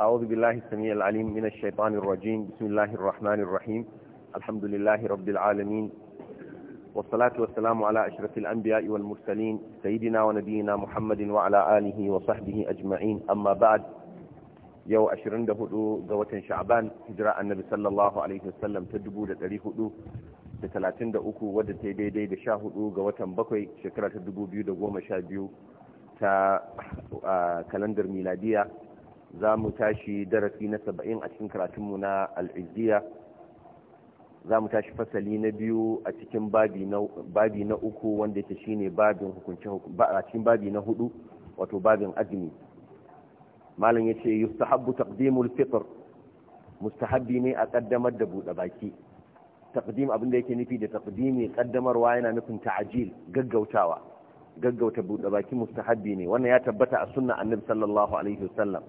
أعوذ بالله السميع العليم من الشيطان الرجيم بسم الله الرحمن الرحيم الحمد لله رب العالمين والصلاة والسلام على أشرف الأنبياء والمرسلين سيدنا ونبينا محمد وعلى آله وصحبه أجمعين أما بعد يو أشرن دهدو دوة شعبان هجراء النبي صلى الله عليه وسلم تدبو لتريه دو لتلاتين دا أكو ودى تيدي دي دشاهدو دوة بكوي شكرا تدبو بيو دقوم شابيو تا كالندر ميلادية za mu tashi darasi na saba'in a cikin karatunmu na al'iziya za mu tashi fasali na biyu a cikin babi na uku wanda shi ne babin hukunci a cikin babi na hudu wato babin azumi malam yace yustahabbu taqdimul musta mustahabbi ne a kaddamar da buɗe baki takdim abin da yake nufi da taqdimi kaddamarwa yana nufin ta'ajil gaggautawa gaggauta buɗe baki mustahabbi ne wannan ya tabbata a sunna annabi sallallahu alaihi wasallam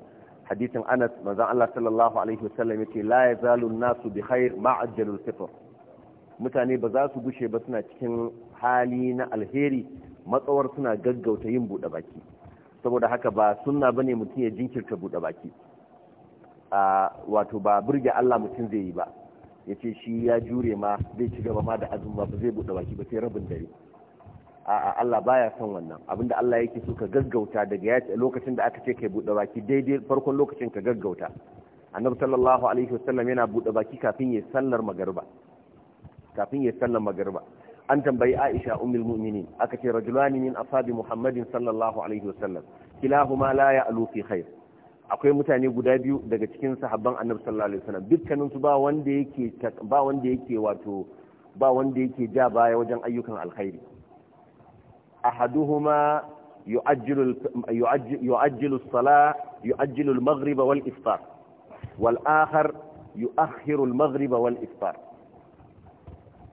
hadisin anas manzon Allah sallallahu alaihi wasallam yake la yazalu nasu bi khair ma'ajjalul fitr mutane ba za su gushe ba suna cikin hali na alheri matsawar suna gaggauta yin bude baki saboda haka ba sunna bane mutum ya jinkirta bude baki a wato ba burge Allah mutum zai yi ba yace shi ya jure ma zai ci gaba ma da azumi ba zai bude baki ba sai rabin dare a'a Allah baya son wannan abinda Allah yake so ka gaggauta daga ya lokacin da aka ce kai bude baki daidai farkon lokacin ka gaggauta annabi sallallahu alaihi wasallam yana bude baki kafin ya sallar magarba kafin ya sallar magarba an tambayi Aisha ummul mu'minin aka ce rajulani min ashabi Muhammadin sallallahu alaihi wasallam kilahuma la ya'lu fi khair akwai mutane guda biyu daga cikin sahabban annabi sallallahu alaihi wasallam dukkanin su ba wanda yake ba wanda yake wato ba wanda yake ja baya wajen ayyukan alkhairi أحدهما يؤجل, يؤجل, الصلاة يؤجل المغرب والإفطار والآخر يؤخر المغرب والإفطار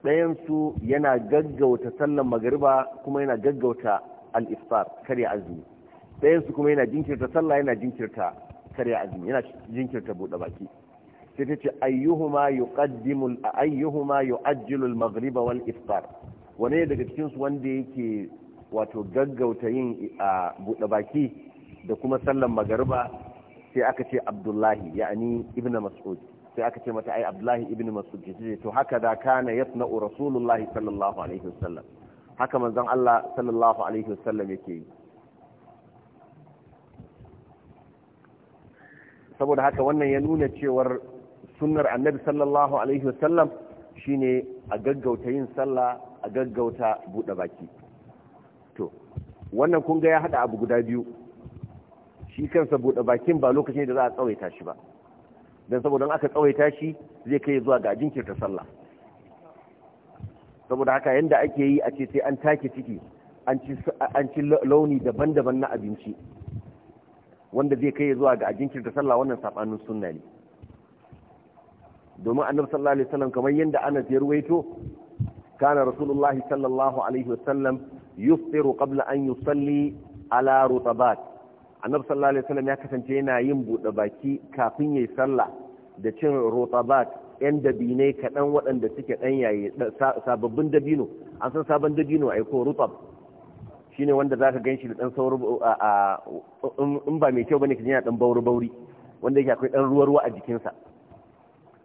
بينسو ينا جج وتسلم مغربا كما ينا جج وتا الإفطار كري عزمي. بينسو كما ينا جنكر تسلى ينا جنكر تا كري عزمي ينا جنكر تبو دباكي ستتش أيهما يقدم أيهما يؤجل المغرب والإفطار ونيدك تشنس وندي كي wato gaggauta yin a buɗe baki da kuma sallan magariba sai aka ce abdullahi ya'ani ibn mas'ud sai aka ce mata ai abdullahi ibn mas'ud ce to haka da kana yasna'u rasulullahi sallallahu alaihi wasallam haka manzon Allah sallallahu alaihi wasallam yake yi saboda haka wannan ya nuna cewar sunnar annabi sallallahu alaihi wasallam shine a gaggauta yin sallah a gaggauta buɗe baki to wannan kun ga ya hada abu guda biyu shi kansa saboda bakin ba lokacin da za a tsawaita shi ba don saboda aka tsawaita shi zai kai zuwa ga jinkirta sallah saboda haka yadda ake yi a ce sai an take ciki an ci launi daban-daban na abinci wanda zai kai zuwa ga jinkirta sallah wannan sabanin sunna ne domin annabi sallallahu alaihi wasallam kamar yadda Anas ya ruwaito kana rasulullahi sallallahu alaihi wasallam yuftiru qabla an yusalli ala rutabat annabi sallallahu alaihi wasallam ya kasance yana yin bude baki kafin yayi sallah da cin rutabat yan dabine kaɗan waɗanda suke dan yayi sababbin dabino an san sabon dabino ai ko rutab shine wanda zaka ganshi da dan sauru in ba mai kyau bane kaje yana dan bauri bauri wanda yake akwai dan ruwa ruwa a jikinsa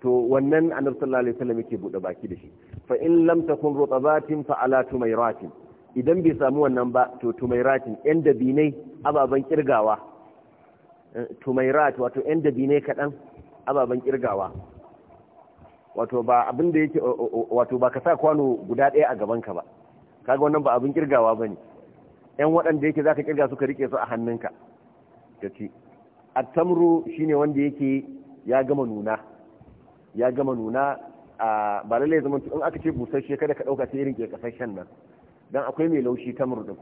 to wannan annabi sallallahu alaihi wasallam yake bude baki da shi fa in lam takun rutabatin fa ala tumairatin idan bai samu wannan ba to tumairatin yan dabinai ababen kirgawa eh, tumairat wato yan dabinai kaɗan ababen kirgawa wato ba abin da yake wato ba ka sa kwano guda ɗaya a gabanka ba kaga wannan ba abin kirgawa ba ne yan waɗanda yake za ka kirga suka rike su a hannunka ka ci attamru shine wanda yake ya gama nuna ya gama nuna a ba lallai zaman in aka ce busasshe kada ka ɗauka sai irin ke kasashen nan dan akwai mai laushi ta murdin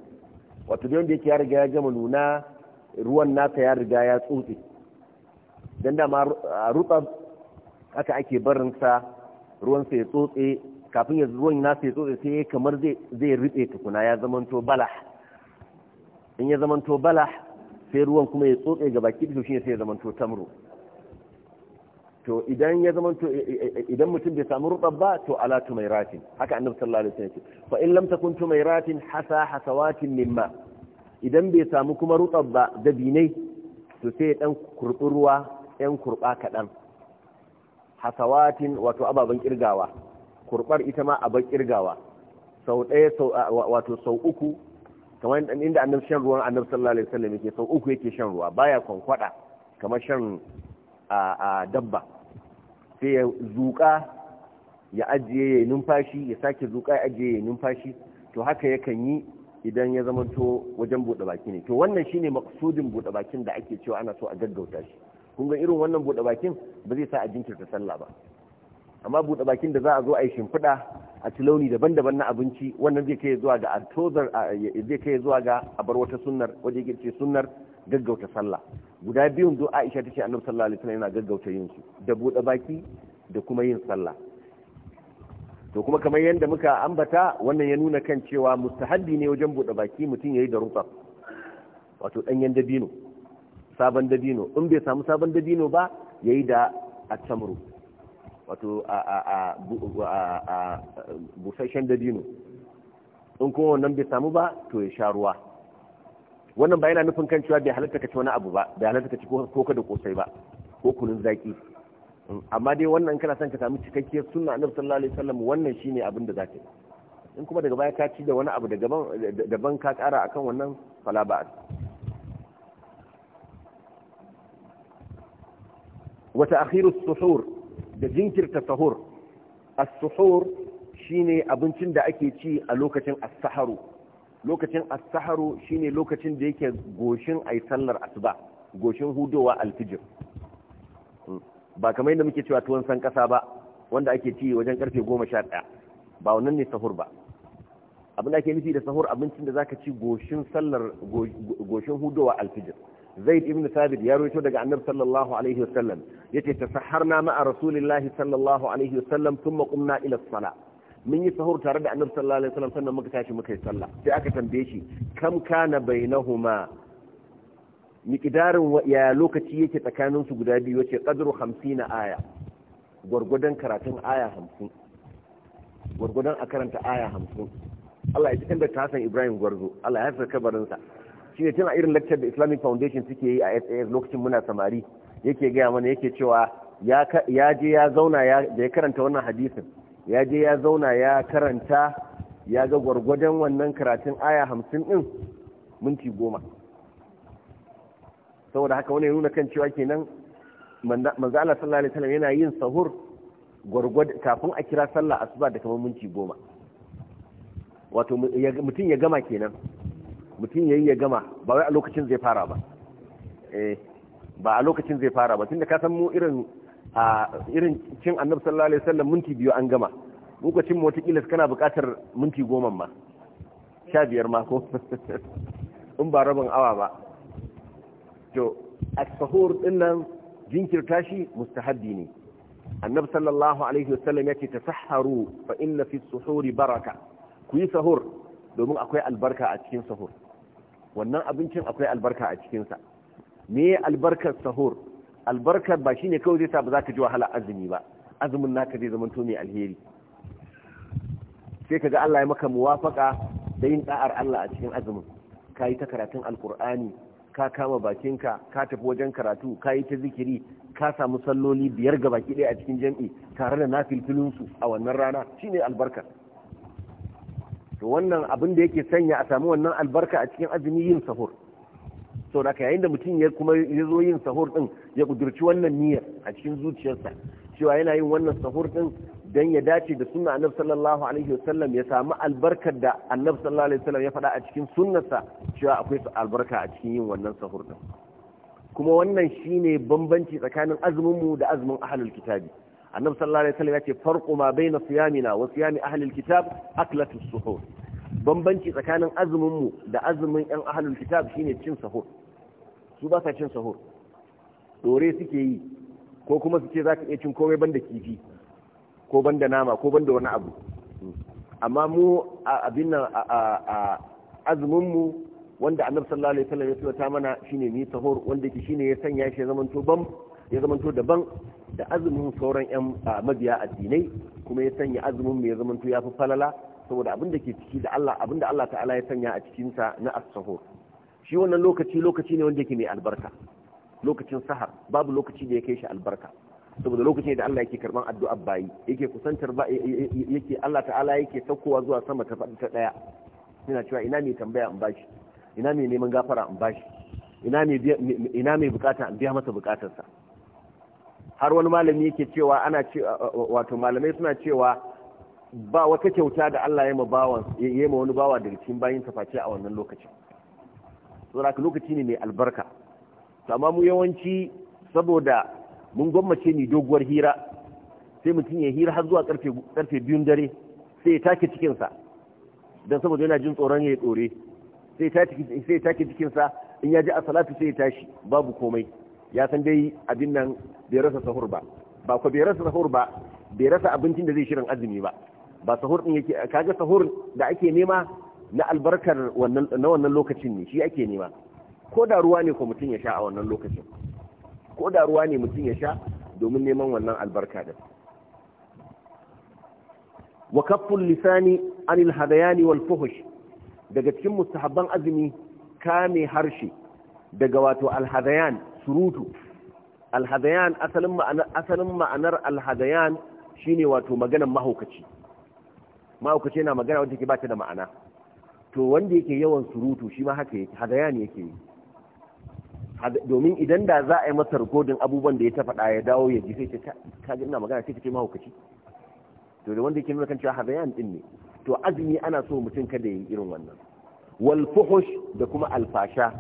wato da ya riga ya gama nuna ruwan nasa ya riga ya tsotse dan dama a rutsa aka ake barin sa ruwan sa ya tsotse kafin ya ruwan nasa ya tsotse sai kamar zai zai ta tukuna ya to balah in ya zamanto balah sai ruwan kuma ya tsotse ga baki shi ne sai ya to tamro to idan ya zama to idan mutum bai samu rutab ba to ala tumairatin haka annabi sallallahu alaihi wasallam fa in lam takun tumairatin hasa hasawatin mimma idan bai samu kuma rutab ba dabinai to sai dan kurbi ruwa yan kurba kadan hasawatin wato ababan kirgawa kurbar ita ma aban kirgawa sau ɗaya sau wato sau uku kamar inda annabi shan ruwan annabi sallallahu alaihi wasallam yake sau uku yake shan ruwa baya kwankwada kamar shan a dabba sai ya zuƙa ya ajiye ya numfashi ya sake zuƙa ya ajiye ya numfashi to haka yakan yi idan ya zamanto wajen buɗe baki ne to wannan shi ne maksudin buɗe bakin da ake cewa ana so a gaggauta shi kun ga irin wannan buɗe bakin ba zai sa a jinkirta sallah ba amma buɗe bakin da za a zo a yi shimfiɗa a tilauni daban-daban na abinci wannan zai kai zuwa ga a zai kai zuwa ga abar wata sunnar waje girce sunnar gaggauta sallah guda biyun do Aisha tace Annabi sallallahu alaihi wasallam yana gaggauta yin su da bude baki da kuma yin sallah to kuma kamar yadda muka ambata wannan ya nuna kan cewa mustahabbi ne wajen bude baki mutum yayi da rutsa wato danyen dabino sabon dabino in bai samu sabon dabino ba yayi da atamru wato a a a a busasshen dabino in kuma wannan bai samu ba to ya sha ruwa wannan ba yana nufin kan cewa bai halatta ka ci wani abu ba bai halatta ka ci ko ka da kosai ba ko kunun zaki mm, amma dai wannan kana son ka samu cikakkiyar sunna annabi sallallahu alaihi wasallam wannan shine abin da zaka yi in kuma daga baya ka ci da wani abu daban ka kara akan wannan fala ba wata as suhur da jinkirta sahur as-suhur shine abincin da ake ci a lokacin as-saharu lokacin as-saharu shine lokacin da yake goshin ai sallar asuba goshin hudowa alfijir hmm. ba kamar yadda muke cewa tuwon san kasa ba wanda ake ci wajen karfe 11 ba wannan ne sahur ba abin da ake nufi da sahur abincin da zaka ci goshin sallar goshin hudowa alfijir zaid ibn thabit ya rawaito daga annabi sallallahu alaihi wasallam yace tasaharna ma'a rasulillahi sallallahu alaihi wasallam thumma qumna ila as-salah mun yi sahur tare da annabi sallallahu alaihi wasallam sannan muka tashi muka yi sallah sai aka tambaye shi kam kana bainahuma miqdarin ya lokaci yake tsakanin su guda biyu yace qadru 50 aya gurgudan karatun aya 50 gurgudan a karanta aya 50 Allah ya cikin da san Ibrahim Gwarzo Allah ya saka kabarinsa shine tana irin lecture da Islamic Foundation suke yi a SAS lokacin muna samari yake gaya mana yake cewa ya je ya zauna da ya karanta wannan hadisin ya je ya zauna ya karanta ya ga gwargwadon wannan karatun aya hamsin ɗin minti goma saboda haka wani nuna kan cewa kenan manzo Allah sallallahu alaihi wasallam yana yin sahur gwargwad kafin a kira sallah asuba da kamar minti goma wato mutum ya gama kenan mutum yayi ya gama ba wai a lokacin zai fara ba eh ba a lokacin zai fara ba tunda ka san mu irin a irin cin annabi sallallahu alaihi wasallam minti biyu an gama mu ko cin kila kana buƙatar minti goma ma sha biyar ma ko in ba rabin awa ba to as-sahur din nan jinkirta shi mustahabbi ne annabi sallallahu alaihi wasallam yace tasahharu fa inna fi as-suhuri baraka ku yi sahur domin akwai albarka a cikin sahur wannan abincin akwai albarka a cikinsa me albarkar sahur albarkar ba shine kawai zai sa ba za ka ji wahala azumi ba azumin naka zai zama to mai alheri sai ka ga Allah ya maka muwafaka da yin da'ar Allah a cikin azumin ka yi ta karatun alkur'ani ka kama bakinka ka tafi wajen karatu ka yi ta zikiri ka samu salloli biyar ga baki ɗaya a cikin jam'i tare da su a wannan rana shine albarka to wannan abin da yake sanya a samu wannan albarka a cikin azumi yin sahur sau da yayin da mutum ya kuma ya zo yin sahur din ya kudurci wannan niyyar a cikin zuciyarsa cewa yana yin wannan sahur din dan ya dace da sunna annabi sallallahu alaihi wasallam ya samu albarkar da annabi sallallahu alaihi wasallam ya faɗa a cikin sunnarsa cewa akwai albarka a cikin yin wannan sahur din kuma wannan shine bambanci tsakanin azumin mu da azumin ahlul kitabi annabi sallallahu alaihi wasallam ya ce farqu ma bayna siyamina wa siyami ahlil kitab aklatus suhur bambanci tsakanin azumin mu da azumin yan ahalun kitab shine cin sahur su ba sa cin sahur dore suke yi ko kuma su ce za ka iya cin komai banda kifi ko banda nama ko banda wani abu amma mu abin nan azumin mu wanda annabi sallallahu alaihi wasallam ya wata mana shine ni sahur wanda yake shine ya sanya shi bam ya zamanto daban da azumin sauran yan mabiya addinai kuma ya sanya azumin mu ya zamanto yafi falala saboda abin da ke ciki da Allah abin da Allah ta'ala ya sanya a cikinsa na as-sahur shi wannan lokaci lokaci ne wanda yake mai albarka lokacin sahar babu lokaci da ya kai shi albarka saboda lokaci da Allah yake karban addu'a bayi yake kusantar ba yake Allah ta'ala yake saukowa zuwa sama ta faɗi ta ɗaya ina cewa ina mai tambaya in bashi ina mai neman gafara in bashi ina mai ina mai bukata in biya masa bukatarsa har wani malami yake cewa ana cewa wato malamai suna cewa ba wata kyauta da Allah ya ma bawan ma wani bawa daga cikin bayin face a wannan lokacin saboda lokaci ne mai albarka amma mu yawanci saboda mun gwammace ni doguwar hira sai mutum ya hira har zuwa karfe karfe biyun dare sai ya take cikin sa dan saboda yana jin tsoron ya dore sai sai ya take cikin in ya ji a salatu sai ya tashi babu komai ya san dai abin nan bai rasa sahur ba ba ko bai rasa sahur ba bai rasa abincin da zai shirin azumi ba ba sahur din yake kaga sahur da ake nema na albarkar wannan na wannan lokacin ne shi ake nema ko da ruwa ne ko mutum ya sha a wannan lokacin ko da ruwa ne mutum ya sha domin neman wannan albarka da wa kafful lisani anil hadayani wal fuhush daga cikin mustahabban azumi kame harshe daga wato alhadayan surutu hadayan asalin ma'anar asalin ma'anar alhadayan shine wato maganar mahaukaci mahaukaci yana magana wanda ke bata da ma'ana to wanda yake yawan surutu shi ma haka yake ne yake domin idan da za a yi masa rikodin abubuwan da ya tafa ya dawo ya ji sai ce ka ina magana sai ka ce mahaukaci to da wanda yake nuna kan cewa hadayan din ne to azumi ana so mutum kada ya yi irin wannan wal da kuma alfasha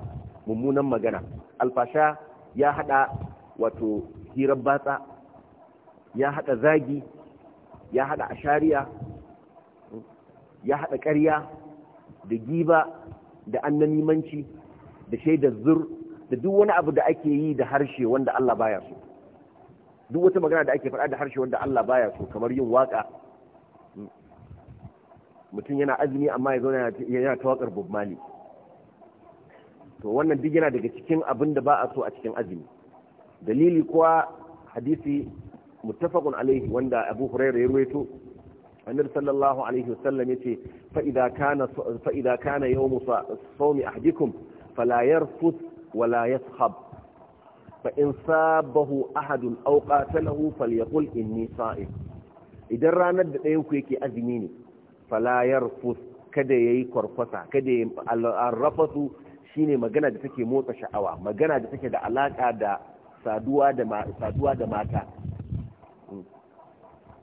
mummunan magana alfasha ya hada wato hirar batsa ya hada zagi ya hada ashariya ya haɗa ƙarya da giba da annamimanci da shaidar zur da duk wani abu da ake yi da harshe wanda Allah baya so duk wata magana da ake faɗa da harshe wanda Allah baya so kamar yin waka mutum yana azumi amma ya zauna yana ta wakar Bob Marley to wannan duk yana daga cikin abin da ba a so a cikin azumi dalili kuwa hadisi muttafaqun alaihi wanda Abu Hurairah ya ruwaito annabi sallallahu alaihi wasallam yace fa idza kana fa idza kana yawm sawmi ahdikum fala yarfuth wala yaskhab fa in sabahu ahadun aw qatalahu falyaqul inni sa'im idan ranar da ɗayan ku yake azumi ne fala yarfuth kada yayi kwarkwasa kada yayi arrafasu shine magana da take motsa sha'awa magana da take da alaka da saduwa da saduwa da mata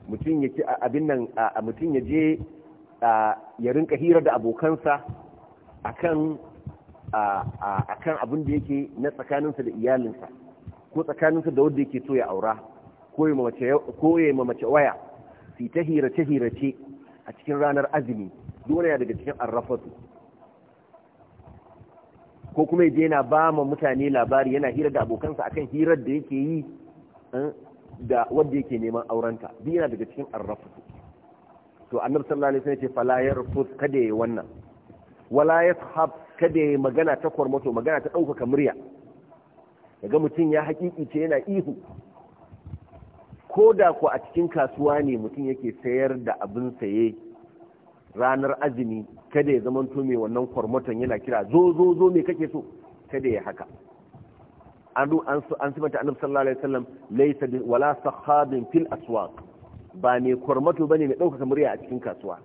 mutum ya ci abin nan mutum ya je ya rinka hira da abokansa a kan abin da yake na tsakaninsa da iyalinsa ko tsakaninsa da wanda yake so ya aura ko ya ma mace waya su ta hirace hirace a cikin ranar azumi dole ya daga cikin arrafatu ko kuma je yana ba ma mutane labari yana hira da abokansa akan hirar da yake yi eh, da wanda yake neman aurenta biyu yana daga cikin arrafu to annabi sallallahu alaihi wasallam ya ce fala yarfus kada yayi wannan wala yashab kada yayi magana ta kwarmato magana ta ɗaukaka murya daga mutum ya ce yana ihu ko da ko a cikin kasuwa ne mutum yake sayar da abin saye ranar azumi kada ya zama to mai wannan kwarmaton yana kira zo zo zo me kake so kada ya haka an an sifanta annabi sallallahu alaihi wasallam laysa wala sahabin fil aswaq ba ne kormato bane mai ɗaukaka murya a cikin kasuwa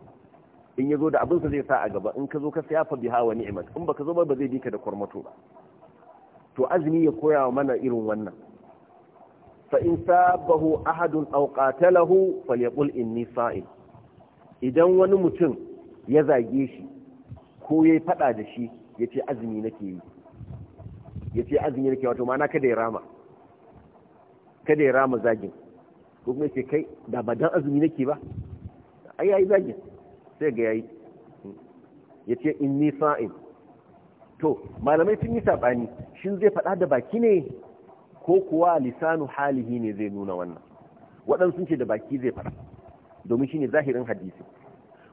in ya da abin sa zai sa a gaba in ka zo ka siya fa biha wa ni'mat in baka zo ba ba zai bika da kormato ba to azumi ya koya wa mana irin wannan fa in sabahu ahadun aw qatalahu falyaqul inni sa'im idan wani mutum ya zage shi ko yayi fada da shi yace azumi nake yi ya ce azumi nake ma na kada ya rama kada ya rama zagin ko kuma ce kai da ba dan azumi nake ba ai yayi zagin sai ga yayi ya ce inni sa'im to malamai sun yi sabani shin zai faɗa da baki ne ko kuwa lisanu halihi ne zai nuna wannan waɗansu ce da baki zai faɗa domin shine zahirin hadisi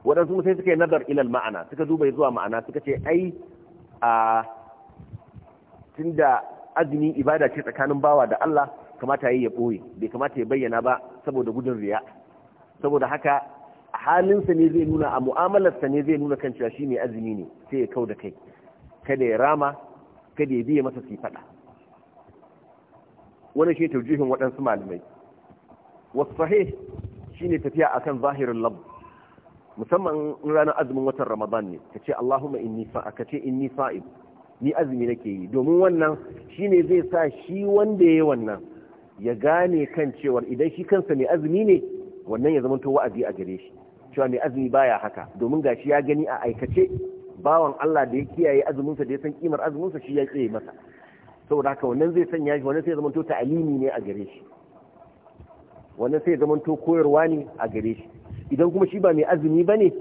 waɗansu sai suka yi nazar ilal ma'ana suka duba zuwa ma'ana suka ce ai a tunda azumi ibada ce tsakanin bawa da Allah kamata yayi ya boye bai kamata ya bayyana ba saboda gudun riya saboda haka a halinsa ne zai nuna a mu'amalarsa ne zai nuna kan cewa shi azumi ne sai ya kau da kai kada ya rama kada ya biya masa sifada faɗa wani shi taujihin waɗansu malamai wasu sahih shine tafiya akan zahirin Lab. musamman ranar azumin watan ramadan ne ka ce allahumma inni ka ce inni sa'ib ni azumi nake yi domin wannan shine zai sa shi wanda ya wannan ya gane kan cewar idan shi kansa mai azumi ne wannan ya zama to wa'azi a gare shi cewa mai azumi baya haka domin gashi ya gani a aikace bawan Allah da ya kiyaye azuminsa da ya san kimar azuminsa shi ya tsaye masa saboda haka wannan zai sanya shi wannan sai zama to ta'alimi ne a gare shi wannan sai zama to koyarwa ne a gare shi idan kuma shi ba mai azumi bane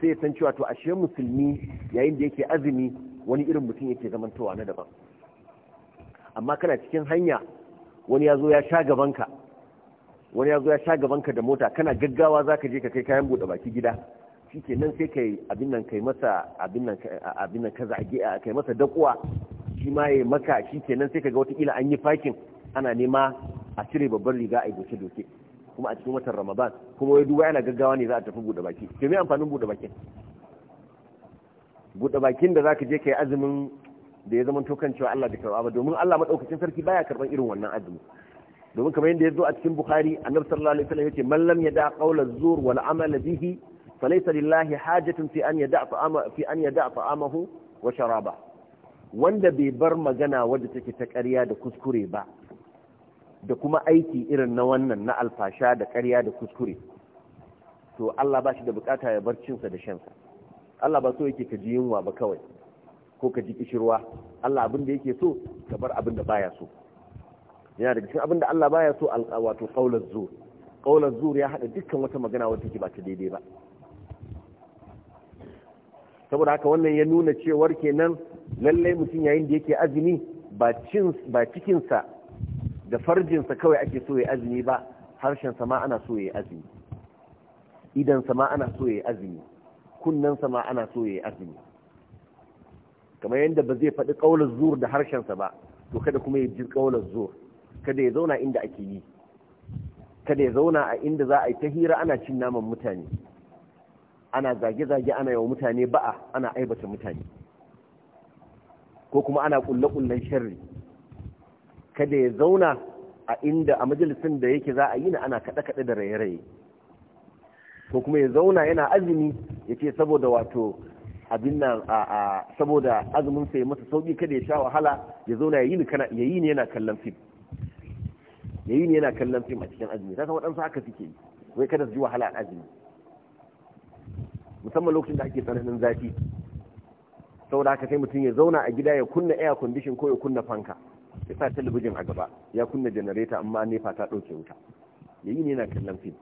sai ya san cewa to ashe musulmi yayin da yake azumi wani irin mutum yake zamantowa na daban amma kana cikin hanya wani ya zo ya sha gabanka wani ya zo ya sha gabanka da mota kana gaggawa za ka je ka kai kayan buɗe baki gida shi ke nan sai ka yi abin kai masa abin nan ka zage kai masa dakuwa shi ma ya maka shi ke nan sai ka ga watakila an yi fakin ana nema a cire babban riga a yi doke-doke kuma a cikin watan ramadan kuma wai duba yana gaggawa ne za a tafi buɗe baki ke amfanin buɗe bakin buɗe bakin da zaka je ka yi azumin da ya zama tokan cewa Allah bai karba ba domin Allah maɗaukacin sarki baya karban irin wannan azumi domin kamar yadda ya zo a cikin Bukhari annabi sallallahu alaihi wasallam yace man lam yada qawla zur wal amala bihi falaysa lillahi hajatun fi an yada ta'ama fi an yada ta'amahu wa sharaba wanda bai bar magana wadda take ta ƙarya da kuskure ba da kuma aiki irin na wannan na alfasha da ƙarya da kuskure to Allah ba shi da bukata ya bar cinsa da shansa Allah ba so yake ka ji yunwa ba kawai ko ka ji kishirwa Allah abin da yake so ka bar abin da baya so yana daga cikin abin da Allah baya so wato qaulaz zur qaulaz zur ya hada dukkan wata magana wacce take ba ta daidai ba saboda haka wannan ya nuna cewar kenan lallai mutum yayin da yake azumi ba cin ba cikin da farjinsa kawai ake so ya azumi ba harshen sa ma ana so ya azumi idan sa ma ana so ya azumi kunnensa ma ana so ya yi azumi kamar yadda ba zai faɗi ƙaular zuwa da harshensa ba to kada kuma ya ji ƙaular zuwa kada ya zauna inda ake yi kada ya zauna a inda za a yi ta hira ana cin naman mutane ana zage-zage ana yawa mutane ba'a ana aibata mutane ko kuma ana ƙulle-ƙullen sharri kada ya zauna a inda a majalisin da yake za a yi na ana kaɗe-kaɗe da raye-raye ko kuma ya zauna yana azumi ya ce saboda wato abin nan a saboda azumin sai masa sauki kada ya sha wahala ya zauna ya yi ne yana kallon fim ya ne yana kallon fim a cikin azumi ta san waɗansu haka suke wai kada su ji wahala a azumi musamman lokacin da ake tsananin zafi saboda haka sai mutum ya zauna a gida ya kunna air condition ko ya kunna fanka ya sa talabijin a gaba ya kunna janareta amma nefa ta ɗauke wuta ya yi ne yana kallon fim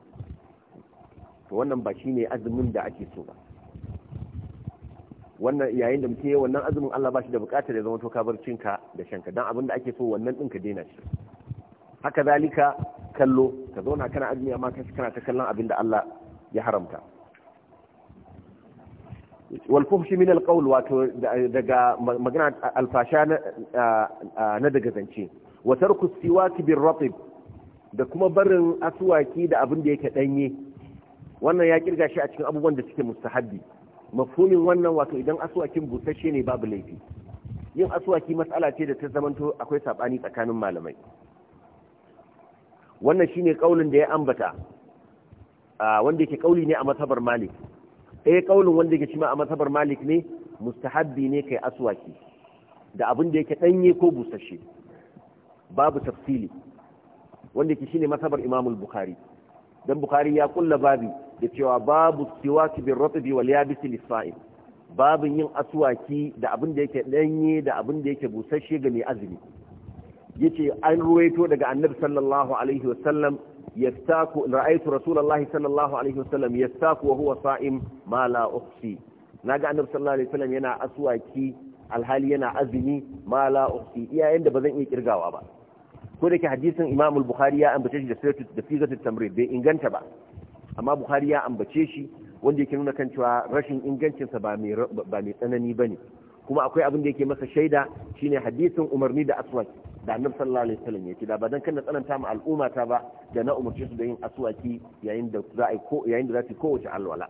to wannan ba shine azumin da ake so ba wannan yayin da mutum wannan azumin Allah ba shi da bukatar ya zama to ka cinka da shanka dan abin da ake so wannan din ka daina shi haka zalika kallo ka zauna kana azumi amma ka kana ta kallon abin da Allah ya haramta wal fuhshi min al qawl wato daga magana alfasha na daga zance wa tarku siwaki bir ratib da kuma barin asuwaki da abin da yake danye wannan ya kirga shi a cikin abubuwan da suke mustahabbi mafhumin wannan wato idan asuwakin busasshe ne babu laifi yin asuwaki matsala ce da ta zamanto akwai sabani tsakanin malamai wannan shine kaulin da ya ambata wanda yake kauli ne a masabar malik ɗaya kaulin wanda yake shima a masabar malik ne mustahabbi ne kai aswaki da abin da yake ɗanye ko busasshe babu tafsili wanda yake shine masabar imamul bukhari dan bukhari ya kulla babi da cewa babu siwaki bin ratabi wal yabisi lisfa'il babin yin asuwaki da abin da yake danye da abin da yake busasshe ga mai azumi yace an ruwaito daga annabi sallallahu alaihi wasallam yastaku ra'aytu rasulullahi sallallahu alaihi wasallam yastaku wa huwa sa'im ma la uhsi naga annabi sallallahu alaihi wasallam yana asuwaki alhali yana azumi ma la uhsi iyayen da bazan iya kirgawa ba ko da ke hadisin imam bukhari ya ambace shi da siratu da tamrid bai inganta ba amma Buhari ya ambace shi wanda yake nuna kan cewa rashin ingancinsa ba mai tsanani ba ne kuma akwai abin da yake masa shaida Shi ne hadisin umarni da aswaki da annabi sallallahu alaihi wasallam yake da ba kan kana tsananta ma al'umma ta ba da na umarce su da yin aswaki yayin da za a ko yayin da za su kowace alwala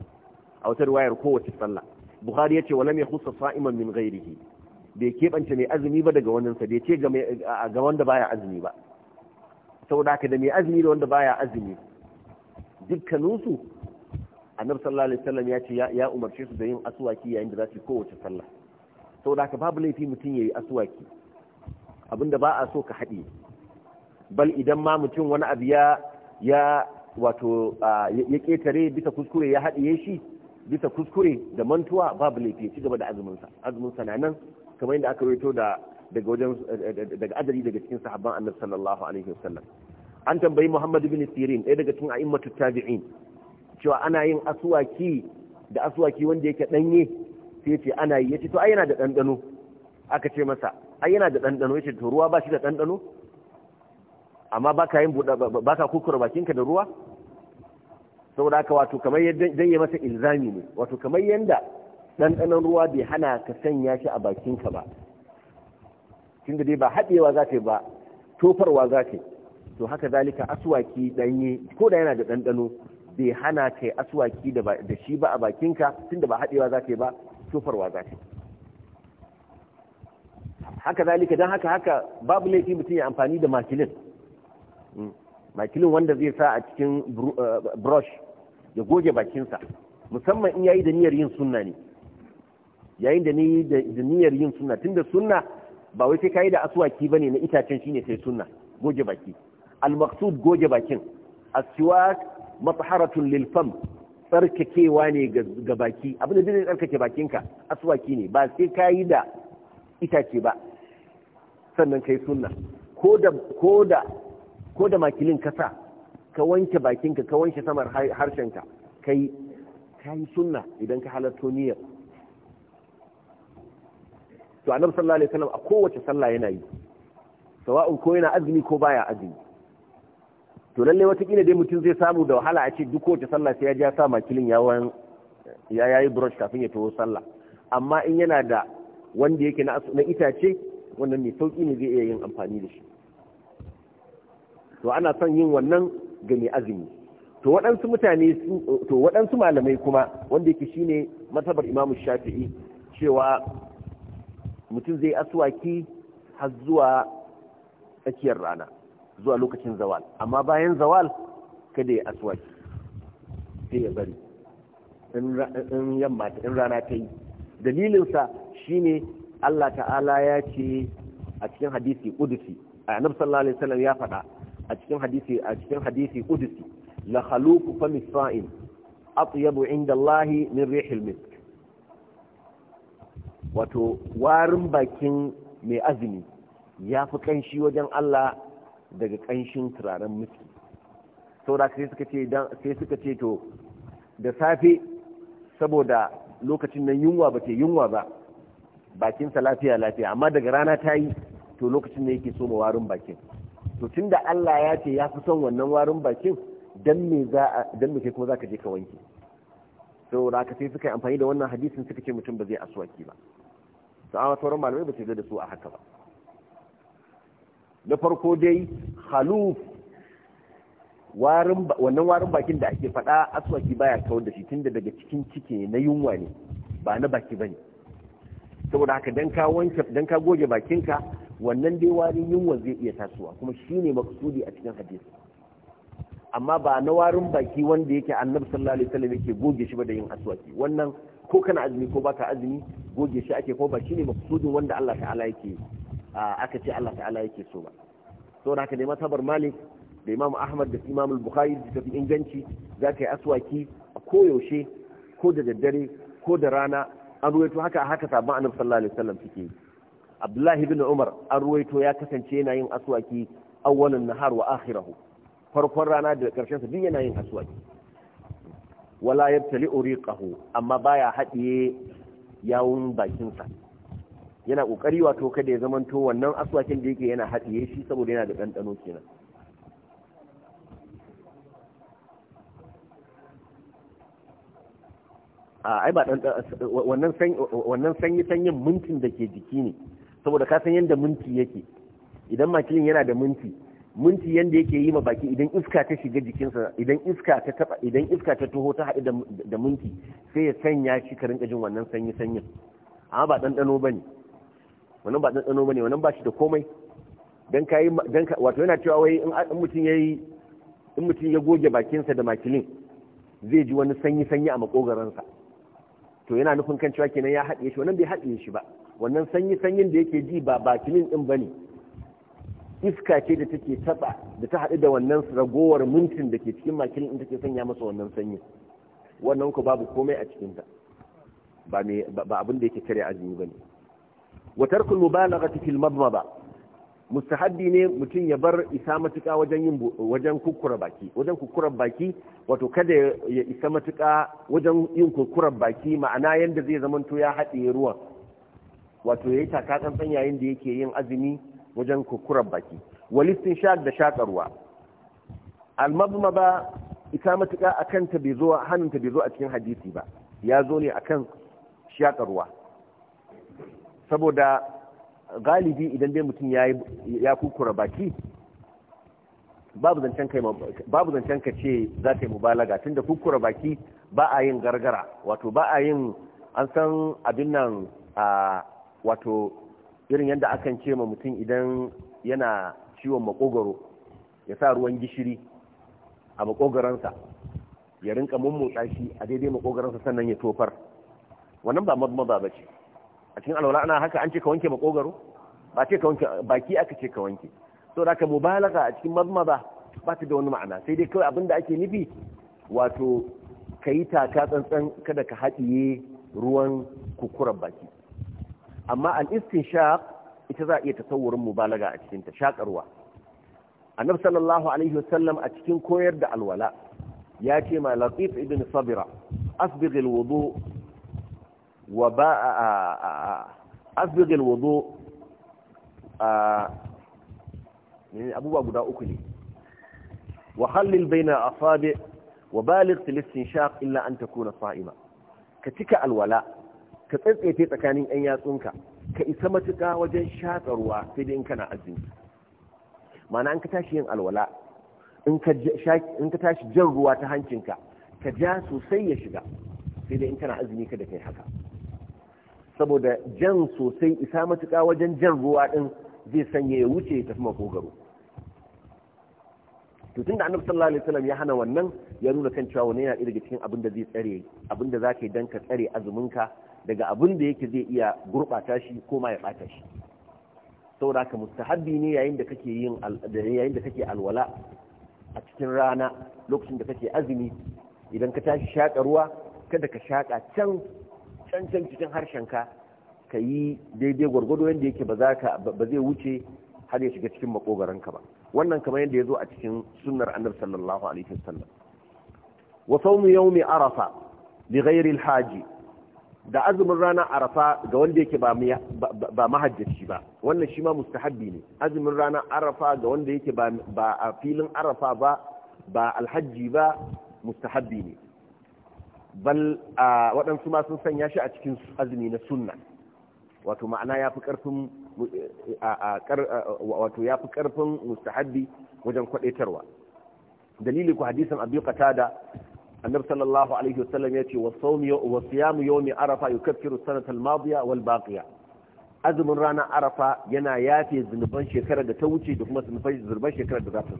a wata riwayar kowace sallah ce yace mai khusa sa'iman min ghairihi bai kebance mai azumi ba daga wannan sa bai ce ga wanda baya azumi ba saboda haka da mai azumi da wanda baya azumi dukkaninsu annabi sallallahu alaihi wasallam ya ce ya umarce su da yin aswaki yayin da za su kowace sallah saboda haka babu laifi mutum yayi aswaki abinda ba a so ka haɗe bal idan ma mutum wani abu ya ya wato ya ketare bisa kuskure ya haɗiye shi bisa kuskure da mantuwa babu laifi ya ci gaba da azuminsa azuminsa na nan kamar yadda aka rawaito da daga wajen eh, eh, daga adari daga cikin sahabban annabi sallallahu alaihi wasallam an tambayi Muhammad bin Sirin ɗaya daga cikin a'immatu tabi'in cewa ana yin aswaki da aswaki wanda yake danye sai ce ana yi yace to ai yana da dandano aka ce masa ai yana da dandano yace to ruwa ba shi da dandano amma baka yin buɗa baka kukura bakinka da ruwa saboda haka wato kamar yadda dan masa ilzami ne wato kamar yanda dandanon ruwa bai hana ka sanya shi a bakinka ba tunda dai ba haɗewa za yi ba tofarwa za yi to haka zalika aswaki danye ko da yana da ɗanɗano bai hana kai aswaki da shi ba a bakinka tunda ba haɗewa za ka yi ba tofarwa za ka yi haka zalika don haka haka babu laifi mutum ya amfani da makilin hmm. makilin wanda zai sa a cikin eh, brush ya goge bakinsa musamman in yayi da niyyar yin sunna ne yayin da ni da niyyar yin sunna tunda sunna ba wai sai kai da aswaki bane na itacen shine sai sunna goge baki al-maqsud goge bakin as-siwak lilfam tsarkakewa ne ga baki abin da zai tsarkake bakinka aswaki ne ba sai ka yi da itace ba sannan ka yi suna. ko da makilin kasa ka wanke bakinka ka wanke samar harshenka ka yi sunna idan ka halatto niyyar to annabi sallallahu alaihi wasallam a kowace sallah yana yi sawa'un ko yana azumi ko baya azumi to lalle watakila dai mutum zai samu da wahala a ce duk wata sallah sai ya ja sa makilin yawon ya yayi brush kafin ya taho sallah amma in yana da wanda yake na itace wannan mai sauki ne zai iya yin amfani da shi to ana son yin wannan ga mai azumi to waɗansu mutane to waɗansu malamai kuma wanda yake shine matabar imamu shafi'i cewa mutum zai aswaki har zuwa tsakiyar rana zuwa lokacin zawal amma bayan zawal kada ya aswaki sai ya bari in yamma in rana ta yi dalilinsa shi ne Allah ta'ala ya ce a cikin hadisi kudusi a yanar sallallahu alaihi wasallam ya faɗa a cikin hadisi a cikin hadisi kudusi la khaluku fa misfa'in atyabu inda Allah min rihil misk wato warin bakin mai azumi ya fi kanshi wajen Allah daga ƙanshin turaren miski saboda sai suka ce sai suka ce to da safe saboda lokacin nan yunwa ba ta yunwa ba bakinsa lafiya lafiya amma daga rana ta yi to lokacin da yake soma warin bakin to da Allah ya ce ya fi son wannan warin bakin dan me za a dan me kai kuma zaka je ka wanke saboda haka sai suka yi amfani da wannan hadisin suka ce mutum ba zai aswaki ba sa'awa sauran malamai ba su da su a haka ba na farko dai khaluf wannan warin bakin da ake faɗa aswaki baya kawar da shi tunda daga cikin ciki na yunwa ne ba na baki ne saboda haka don ka wanke dan ka goge bakinka wannan dai warin yunwa zai iya tasowa kuma shi ne maksudi a cikin hadisi amma ba na warin baki wanda yake annabi sallallahu alaihi wasallam yake goge shi ba da yin aswaki wannan ko kana azumi ko baka azumi goge shi ake ko ba shine maksudin wanda Allah ta'ala yake aka ce Allah ta'ala yake so ba So da haka ne matabar malik da imam ahmad da imam al-bukhari da tafi inganci za ka yi aswaki a koyaushe ko da daddare ko da rana an ruwaito haka haka sabon annabi sallallahu alaihi wasallam suke yi abdullahi ibn umar an ruwaito ya kasance yana yin aswaki awwalan nahar wa akhirahu farkon rana da karshen sa duk yana yin aswaki wala yabtali uriqahu amma baya haɗiye yawun bakinsa. yana ƙoƙari wato kada ya zamanto wannan aswakin da yake yana haɗiye shi saboda yana da ɗanɗano kenan a ai ba wannan wannan sanyi sanyin mintin da ke jiki ne saboda ka san yadda minti yake idan makilin yana da minti minti yadda yake yi ma baki idan iska ta shiga jikinsa idan iska ta taba idan iska ta taho ta haɗu da minti sai ya sanya shi ka rinka jin wannan sanyi sanyin amma ba ɗanɗano ba ne wannan ba tsantsano bane wannan ba shi da komai dan kai dan wato yana cewa wai in mutum yayi in mutum ya goge bakinsa da makilin zai ji wani sanyi sanyi a makogaransa to yana nufin kan cewa kenan ya haɗe shi wannan bai haɗe shi ba wannan sanyi sanyin da yake ji ba bakilin din bane iska ce da take taba da ta haɗu da wannan ragowar mintin da ke cikin makilin in take sanya masa wannan sanyi wannan ku babu komai a cikinta ba abin da yake kare azumi ba ne wa tarkul mubalaghati fil madmada mustahabbi ne mutum ya bar isa matuka wajen yin wajen kukkura baki wajen kukkurar baki wato kada ya isa matuka wajen yin kukkurar baki ma'ana yanda zai zamanto ya haɗe ruwan wato yayi taka tsantsan yayin da yake yin azumi wajen kukkurar baki walistin shaq da shakarwa al ba isa matuka akan ta bai zo hannun ta bai zo a cikin hadisi ba ya zo ne akan shakarwa saboda galibi idan dai mutum ya kukura baki babu zancen ka ce za ta yi mubalaga tun da kukura baki ba a yin gargara wato ba a yin an san abin nan a wato irin yadda akan ce ma mutum idan yana ciwon makogoro ya sa ruwan gishiri a makogoransa ya rinka mummutsa shi a daidai makogoransa sannan ya tofar wannan ba mazmaza ba ce a cikin alwala ana haka an ce ka wanke makogaro ba ce ka wanke baki aka ce ka wanke so da ka mubalaga a cikin mazmaza ba ta da wani ma'ana sai dai kawai abinda ake nufi wato ka yi taka tsantsan kada ka haɗiye ruwan kukurar baki amma al'iskin sha ita za a iya tasawurin mubalaga a cikinta shaƙarwa annabi sallallahu alaihi wasallam a cikin koyar da alwala ya ce ma latif ibn sabira asbigh alwudu وباء أفضل آه، آه، آه، الوضوء من يعني أبو أبو داوكلي وخلل بين أصابع وبالغ في الاستنشاق إلا أن تكون صائمة كتك الولاء كتسئتي إيه تكانين أن ياتونك كإسمتك وجن شاطروا سيدي إن كان أزمي معنى أنك تاشين الولاء in ka tashi jan ruwa ta hancinka ka ja sosai ya shiga sai dai saboda jan sosai isa matuka wajen jan ruwa ɗin zai sanya ya wuce ya tafi makogaro to da annabi sallallahu alaihi salam ya hana wannan ya nuna kan cewa wani yana daga cikin abin da zai tsare abin da zaka yi dan ka tsare azuminka daga abin da yake zai iya gurɓata shi ko ma ya bata shi saboda haka mustahabbi ne yayin da yin yayin da kake alwala a cikin rana lokacin da kake azumi idan ka tashi shaƙa ruwa kada ka shaƙa can cancan cikin harshenka ka yi daidai gwargwado yadda yake ba zai wuce har ya shiga cikin ka ba wannan kamar yadda ya zo a cikin sunnar annabi sallallahu alaihi wasallam wa sawmu yawmi arafa li ghairi alhaji da azumin rana arafa ga wanda yake ba ba mahajjaci ba wannan shi ma mustahabbi ne azumin rana arafa ga wanda yake ba ba a filin arafa ba ba alhaji ba mustahabbi ne bal a waɗansu ma sun sanya shi a cikin azumi na sunna wato ma'ana ya fi ƙarfin wato ya fi ƙarfin mustahabbi wajen kwaɗaitarwa dalili ku hadisin abi da annabi sallallahu alaihi wasallam ya ce wa sawmi wa siyamu yawmi arafa yukaffiru sanata al-madiya wal baqiya azumin ranar arafa yana yafe zunuban shekarar da ta wuce da kuma zunuban shekarar da za ta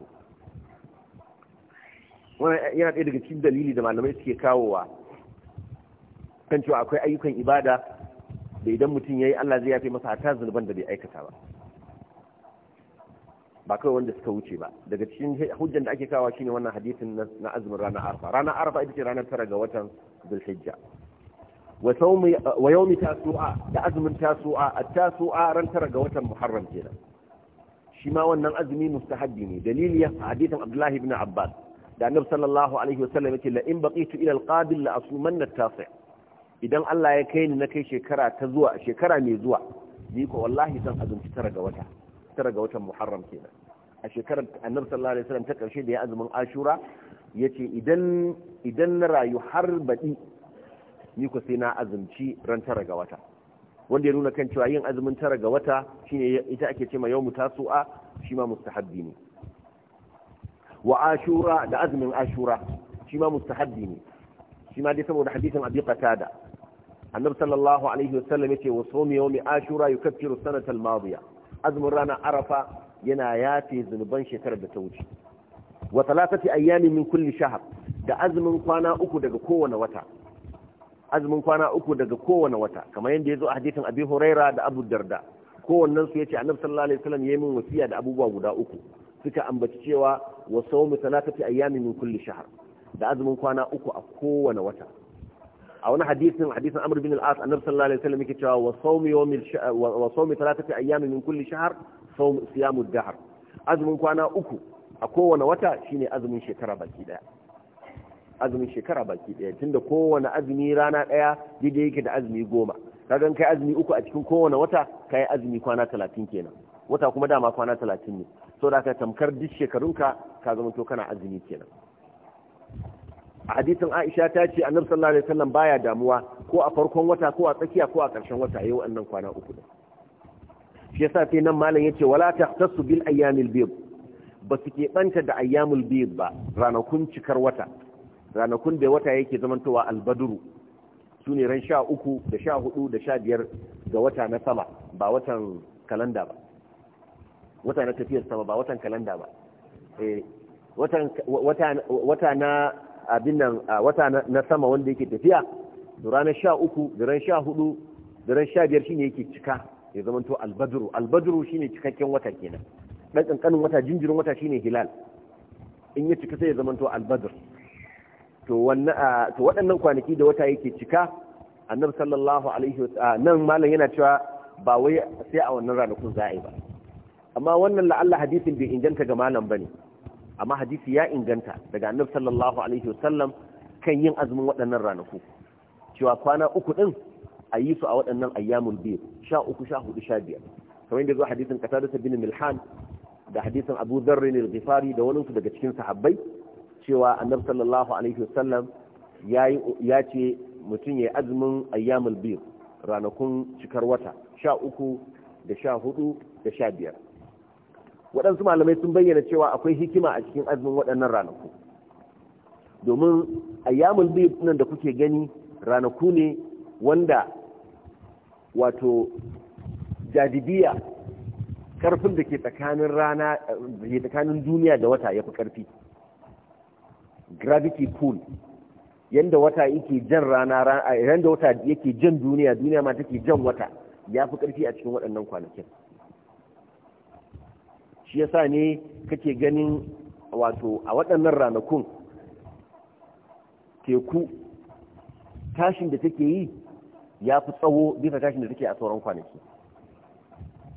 zo yana ɗaya daga cikin dalili da malamai suke kawowa kan cewa akwai ayyukan ibada da idan mutum ya yi Allah zai yafe masa hatta zunuban da bai aikata ba ba kawai wanda suka wuce ba daga cikin hujjan da ake kawo shine wannan hadisin na azumin ranar arfa ranar arfa ita ce ranar tara ga watan zulhijja wa saumi wa yawmi tasu'a da azumin tasu'a at-tasu'a ran tara ga watan muharram kenan shi ma wannan azumi mustahabbi ne dalili hadisin abdullahi ibn abbas da annabi sallallahu alaihi wasallam yake la in baqitu ila al-qabil la asumanna tasu'a idan Allah ya kai ni na kai shekara ta zuwa shekara mai zuwa ni ko wallahi zan azumci tara ga wata tara ga watan Muharram kenan a shekarar Annabi sallallahu alaihi wasallam ta karshe da ya azumin Ashura yace idan idan na rayu har baɗi ni ko sai na azumci ran tara ga wata wanda ya nuna kan cewa yin azumin tara ga wata shine ita ake cewa yawmu tasu'a shi ma mustahabbi ne wa ashura da azumin ashura shi ma mustahabbi ne shi ma dai saboda hadisin abi qatada annabi sallallahu alaihi wasallam yace wa sawmi yawmi ashura yukaffiru sanata al-madiya azumin rana arafa yana yafe zunuban shekarar da ta wuce wa talatati ayyamin min kulli shahr da azumin kwana uku daga kowane wata azumin kwana uku daga kowane wata kamar yadda yazo a hadithin abi huraira da abu darda kowannen su yace annabi sallallahu alaihi wasallam yayi min wasiya da abubuwa guda uku suka ambaci cewa wa sawmu talatati ayyamin min kulli shahr da azumin kwana uku a kowane wata a wani hadisin hadisin amr bin al-as annabi sallallahu alaihi wasallam yake cewa wa sawmi yawmil wa sawmi thalathati ayyamin min kulli shahr sawm siyamu dahr azumin kwana uku a kowane wata shine azumin shekara baki daya azumin shekara baki daya tunda kowane azumi rana daya daidai yake da azumi goma kagan kai azumi uku a cikin kowane wata kai azumi kwana talatin kenan wata kuma dama kwana talatin ne so da ka tamkar duk shekarunka ka zama to kana azumi kenan a hadisin Aisha ta ce Annabi sallallahu alaihi wasallam baya damuwa ko a farkon wata ko a tsakiya ko a ƙarshen wata yayin annan kwana uku da shi yasa sai nan malam yace wala tahtassu bil ayyamil bayd ba su ke banta da ayyamul bayd ba ranakun cikar wata ranakun da wata yake zamantowa albadru sune ran 13 da 14 da 15 ga wata na sama ba watan kalanda ba wata na tafiyar sama ba watan kalanda ba eh wata na abin nan wata na sama wanda yake tafiya da ranar sha uku da ran sha hudu da ran sha biyar shine yake cika ya zama to albadru albadru shine cikakken wata kenan dan kankanin wata jinjirin wata shine hilal in ya cika sai ya zama to albadru to wannan to waɗannan kwanaki da wata yake cika annabi sallallahu alaihi wa nan malam yana cewa ba wai sai a wannan ranakun za'a yi ba amma wannan la'alla hadisin bai inganta ga malam bane amma hadisi ya inganta daga annabi sallallahu alaihi wasallam kan yin azumin waɗannan ranaku cewa kwana uku din a yi su a waɗannan ayyamul biyu sha uku sha hudu sha biyar kamar yadda zuwa hadisin qatada bin milhan da hadisin abu dharrin al-ghifari da wani daga cikin sahabbai cewa annabi sallallahu alaihi wasallam ya ce mutum ya azumin ayyamul biyu ranakun cikar wata sha uku da sha hudu da sha biyar waɗansu malamai sun bayyana cewa akwai hikima a cikin azumin waɗannan ranaku domin ayyamul bid nan da kuke gani ranaku ne wanda wato jadibiya karfin da ke tsakanin rana da ke tsakanin duniya da wata ya fi karfi gravity pool yadda wata yake jan rana yadda wata yake jan duniya duniya ma take jan wata ya fi karfi a cikin waɗannan kwanakin shi yasa ne kake ganin wato a waɗannan ranakun teku tashin da take yi ya fi tsawo bisa tashin da take a sauran kwanaki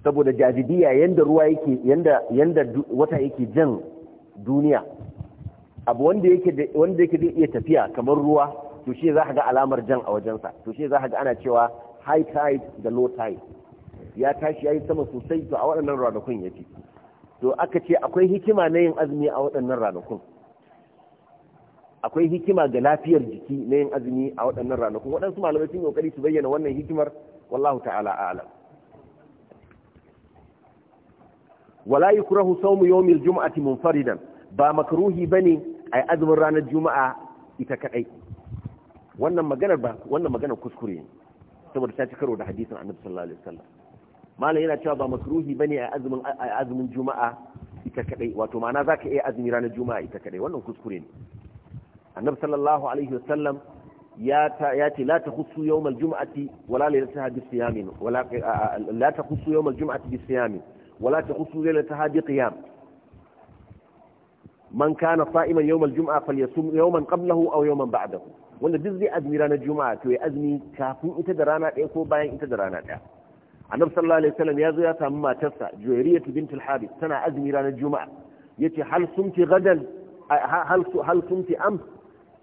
saboda jajibiya yadda ruwa yake yadda wata yake jan duniya abu wanda yake da iya tafiya kamar ruwa to shi za a ga alamar jan a wajensa to shi za a ga ana cewa high tide da low tide ya tashi ya yi sama sosai to a waɗannan ranakun ya fi to aka ce akwai hikima na yin azumi a waɗannan ranakun akwai hikima ga lafiyar jiki na yin azumi a waɗannan ranakun waɗansu malamai sun kokari su bayyana wannan hikimar wallahu ta'ala a'lam wala yukrahu sawmu yawmil jum'ati munfaridan ba makruhi bane ai azumin ranar juma'a ita kadai wannan maganar ba wannan maganar kuskure ne saboda ta ci karo da hadisin annabi sallallahu alaihi wasallam malam yana cewa ba makruhi bane a azumin azumin juma'a ita kadai wato ma'ana zaka iya azumi ranar juma'a ita kadai wannan kuskure ne annabi sallallahu alaihi wasallam ya ta ya ce la takhussu yawm al-jum'ati wala laylataha bis-siyam wala la takhussu yawm al-jum'ati bis-siyam wala takhussu laylataha bi-qiyam man kana sa'iman yawm al falyasum yawman qablahu aw yawman ba'dahu wanda duk zai azumi ranar juma'a to ya azumi kafin ita da rana ɗaya ko bayan ita da rana ɗaya annabi sallallahu alaihi wasallam ya zo ya samu matarsa juwairiyat bint al-habib tana azumi ranar juma'a yace hal sumti gadan hal hal sumti am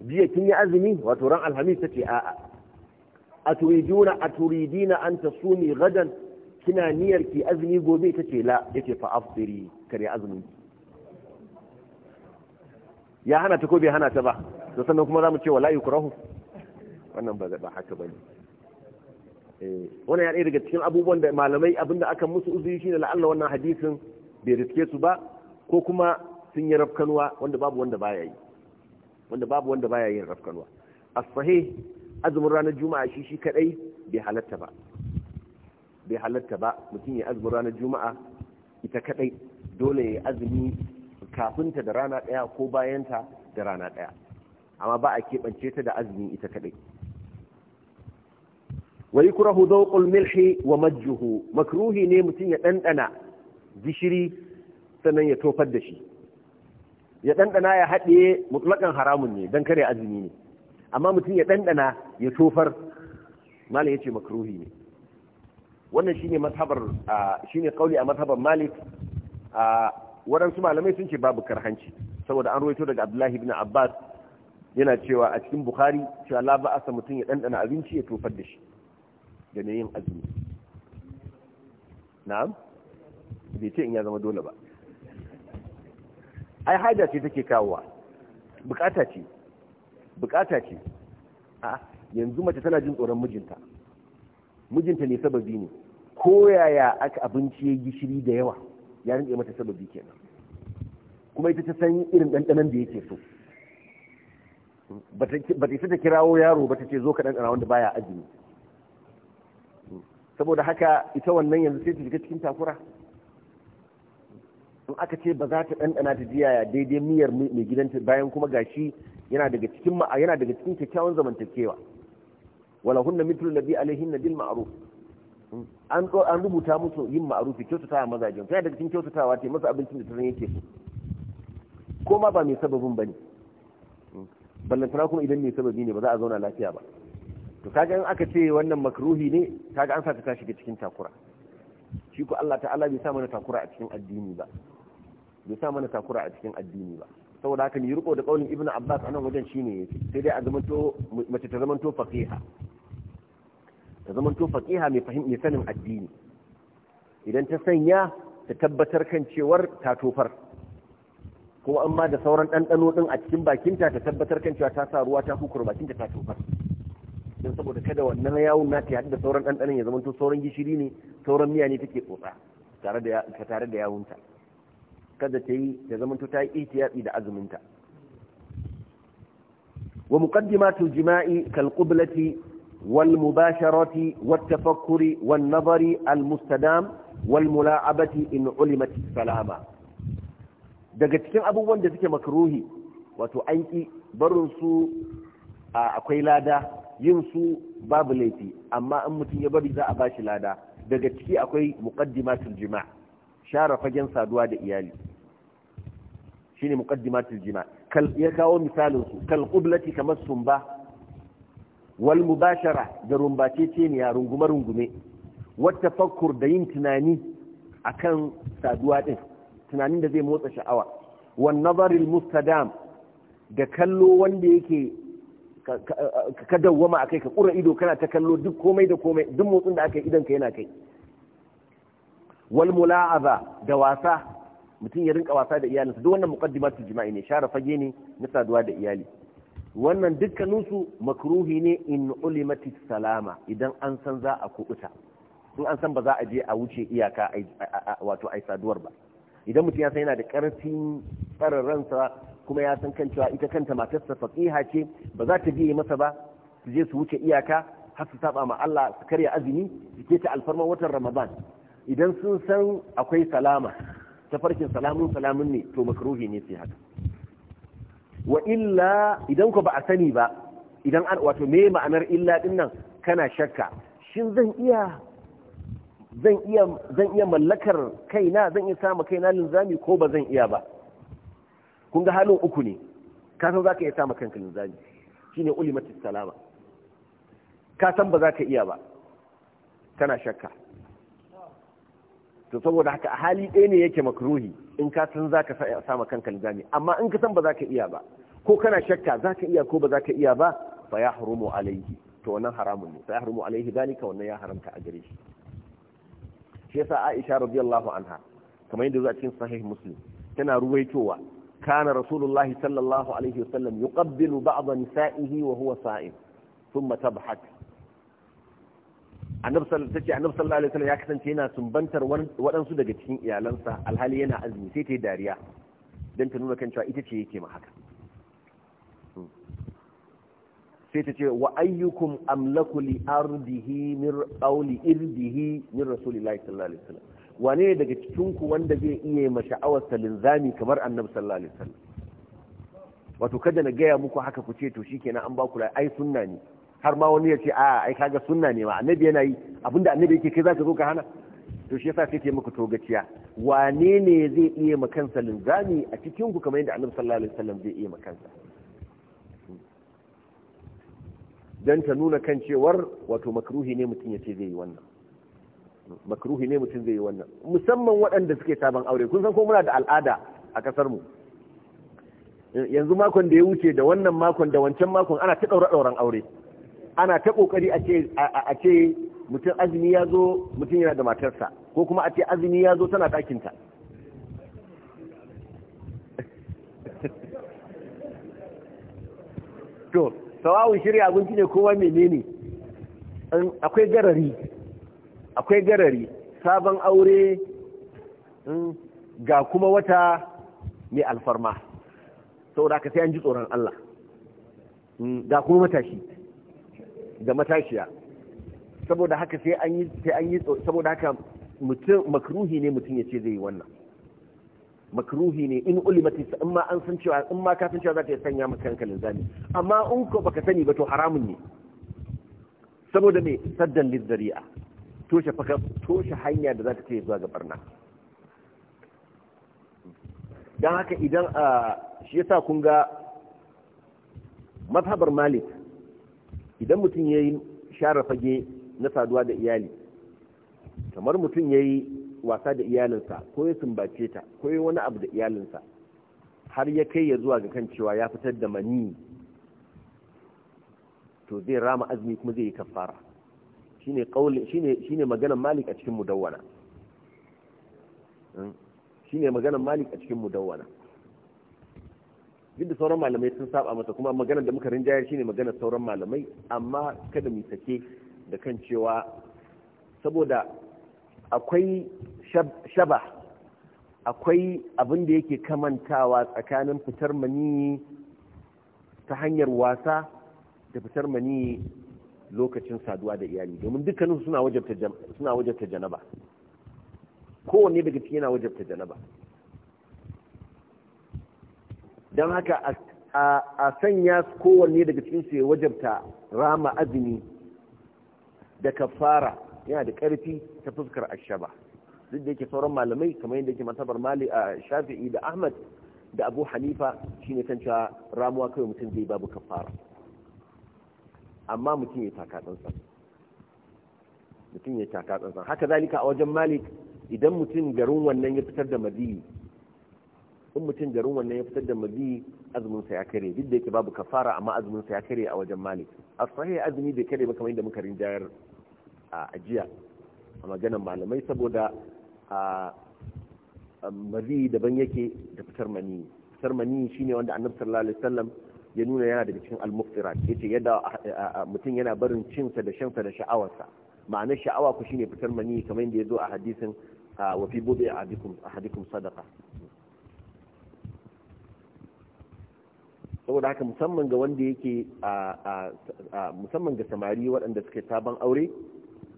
jiya kin yi azumi wato ran alhamis tace a'a aturiduna aturidina an tasumi gadan kina niyyar ki azumi gobe tace la yace fa afdiri kare azumi ya hana ta ko bai hana ta ba to sannan kuma za mu ce wala yukrahu wannan ba haka bane Eh, wannan ya ɗaya daga cikin abubuwan da malamai abinda aka musu uzuri shine la'alla wannan hadisin bai riske su ba ko kuma sun yi rafkanuwa wanda babu wanda baya yi wanda babu wanda baya yin rafkanuwa as azumin ranar juma'a shi shi kadai bai halatta ba bai halatta ba mutum ya azumin ranar juma'a ita kadai dole ya azumi kafinta da rana daya ko bayanta da rana daya amma ba a keɓance ta da azumi ita kadai wa yukrahu dhawqul milhi wa majjuhu makruhi ne mutum ya dandana gishiri sannan ya tofar da shi ya dandana ya haɗe mutlakan haramun ne dan kare azumi ne amma mutum ya dandana ya tofar malam yace makruhi ne wannan shine mazhabar shine kauli a mazhabar malik waɗansu malamai sun ce babu karhanci saboda an ruwaito daga abdullahi ibn abbas yana cewa a cikin bukhari cewa la ba'asa mutum ya ɗanɗana abinci ya tofar da shi da na yin azumi na'am bai ce in ya zama dole ba ai haja ce take kawowa bukata ce bukata ce a yanzu mace tana jin tsoron mijinta mijinta ne sababi ne ko yaya aka abinci ya gishiri da yawa ya rinke mata sababi kenan kuma ita ta san irin ɗanɗanan da yake so ba ta isa ta kirawo yaro ba ta ce zo ka ɗanɗana wanda baya azumi saboda haka ita wannan yanzu sai ta shiga cikin takura in aka ce ba za ta ɗanɗana ta jiya daidai miyar mai gidanta bayan kuma gashi yana daga cikin yana daga cikin kyakkyawan zamantakewa wala hunna mithlu alladhi alaihi nabil ma'ruf an an rubuta musu yin ma'rufi kyautatawa mazajin sai daga cikin kyautatawa ta masa abincin da ta yake so ko ma ba mai sababin bane ballantana kuma idan mai sababi ne ba za a zauna lafiya ba to kaga in aka ce wannan makruhi ne kaga an saka tashi cikin takura shi ko Allah ta'ala bai sa mana takura a cikin addini ba bai sa mana takura a cikin addini ba saboda haka ni riko da kaulin ibnu abbas anan wajen shine yake sai dai a zamanto mace ta to faqiha ta to faqiha mai fahim mai sanin addini idan ta sanya ta tabbatar kan cewar ta tofar ko amma da sauran ɗanɗano ɗin a cikin bakinta ta tabbatar kan cewa ta sa ruwa ta hukuru bakinta ta tofar don saboda kada wannan yawon nata ya da sauran ɗanɗanin ya zamanto sauran gishiri ne sauran miya ne take tsotsa tare da tare da yawunta kada ta yi ta zamanto ta yi ihtiyati da azuminta wa muqaddimatu jima'i kal qiblati wal mubasharati wat tafakkuri wan nazari al mustadam wal mula'abati in ulimat salama daga cikin abubuwan da suke makruhi wato an ki barin su akwai lada yin su babu laifi amma in mutum ya bari za a bashi lada daga ciki akwai muqaddimatul jima' share fagen saduwa da iyali shine muqaddimatul jima' kal ya kawo misalin su kal qublati kamar sumba wal mubashara da rumbace ce ne ya rungume rungume wata fakkur da yin tunani akan saduwa din tunanin da zai motsa sha'awa wan nazaril mustadam da kallo wanda yake ka dawwama a kai ka kura ido kana ta kallo duk komai da komai duk motsin da aka yi idan ka yana kai wal da wasa mutum ya rinka wasa da iyalinsa duk wannan muqaddimatu jima'i ne share fage ne na saduwa da iyali wannan dukkaninsu makruhi ne in ulimati salama idan an san za a kubuta in an san ba za a je a wuce iyaka wato ai saduwar ba idan mutum ya san yana da karfin tsare kuma ya san kan cewa ita kanta matarsa faqiha ce ba za ta biye masa ba su je su wuce iyaka har su saba ma Allah su karya azumi su ke ta alfarma watan Ramadan idan sun san akwai salama ta farkin salamun salamun ne to makruhi ne sai haka wa illa idan ku ba a sani ba idan an wato me ma'anar illa din nan kana shakka shin zan iya zan iya zan iya mallakar kaina zan iya samu kaina linzami ko ba zan iya ba kun ga halin uku ne ka san za ka iya sama kanka linzami shine ulimatu salama ka san ba za ka iya ba kana shakka to saboda haka a hali ɗaya ne yake makruhi in ka san za ka sama kanka linzami amma in ka san ba za ka iya ba ko kana shakka za ka iya ko ba za ka iya ba fa ya harumu alaihi to wannan haramun ne fa ya harumu alaihi dalika wannan ya haramta a gare shi shi yasa Aisha radiyallahu anha kamar yadda zuwa cikin sahih Muslim tana ruwaitowa kana rasulullahi sallallahu alaihi wasallam yuqabbilu ba'd nisa'ihi wa huwa sa'im thumma tabhat annabi sallallahu alaihi wasallam ya kasance yana sumbantar waɗansu daga cikin iyalansa alhali yana azumi sai ta yi dariya don ta nuna kan cewa ita ce yake ma haka sai ta ce wa ayyukum amlaku li ardihi min irdihi min rasulillahi sallallahu alaihi wasallam wane daga cikinku wanda zai iya ma sha'awarsa linzami kamar annabi sallallahu alaihi wasallam wato kada na gaya muku haka ku ce to shikenan an ba ku ai sunna ne har ma wani ya ce a ai kaga sunna ne ma annabi yana yi abinda annabi yake kai zaka zo ka hana to shi yasa kake muku gaciya wane ne zai iya ma kansa linzami a cikin ku kamar yadda annabi sallallahu alaihi wasallam zai iya ma kansa dan ta nuna kan cewar wato makruhi ne mutum ya ce zai yi wannan makruhi ne mutum zai yi wannan musamman waɗanda suke sabon aure kun san ko muna da al'ada a kasar mu yanzu makon da ya wuce da wannan makon da wancan makon ana ta ɗaura ɗauran aure ana ta ƙoƙari a ce mutum azumi ya zo mutum yana da matarsa ko kuma a ce azumi ya zo tana ɗakinta to sawawun shirya abinci ne kowa menene akwai garari akwai garari sabon aure hmm, ga kuma wata mai alfarma saboda ka sai an ji tsoron Allah hmm, ga kuma matashi da matashiya saboda haka sai an yi sai an yi saboda haka mutum makruhi ne mutum ya ce zai yi wannan makruhi ne in ulimati in ma an san cewa in ma ka san cewa za ta sanya maka kanka linzami amma in ko baka sani ba to haramun ne saboda me saddan lizzari'a toshe faka toshe hanya da za ta kai zuwa ga barna don haka idan a shi yasa kun ga mazhabar malik idan mutum ya yi share fage na saduwa da iyali kamar mutum ya yi wasa da iyalinsa ko ya sumbace ta ko ya wani abu da iyalinsa har ya kai ya zuwa ga kan cewa ya fitar da mani to zai rama azumi kuma zai yi kafara shine kauli shine shine maganar malik a cikin mudawwana hmm? shine maganar malik a cikin mudawwana duk da sauran malamai sun saba mata kuma maganar da muka rinjayar shine maganar sauran malamai amma kada mu sake da kan cewa saboda akwai shaba akwai abin da yake kamantawa tsakanin fitar mani ta hanyar wasa da fitar mani lokacin saduwa da iyali domin dukkanin suna wajabta suna janaba kowanne daga cikin yana wajabta janaba don haka a sanya kowanne daga cikin su ya wajabta rama azumi da kafara yana da karfi ta fuskar ashaba duk da yake sauran malamai kamar yadda yake matabar mali a shafi'i da ahmad da abu hanifa shine kan cewa ramuwa kawai mutum zai babu kafara amma mutum ya taka tsantsan mutum ya taka tsantsan haka zalika a wajen malik idan mutum garin wannan ya fitar da maziyi in mutum garin wannan ya fitar da maziyi azumin sa ya kare duk da yake babu kafara amma azumin sa ya kare a wajen malik asahi azumi bai kare ba kamar yadda muka rinjayar a ajiya a maganar malamai saboda a maziyi daban yake da fitar mani fitar mani shine wanda annabi sallallahu alaihi wasallam ya nuna yana da cikin al ya ce yadda ah, ah, ah, mutum yana barin cinsa da shansa da sha'awarsa ma'anar sha'awa ku shine fitar mani kamar yadda ya zo a hadisin wa fi bubi a sadaqa saboda haka musamman ga wanda yake musamman ga samari waɗanda suke sabon aure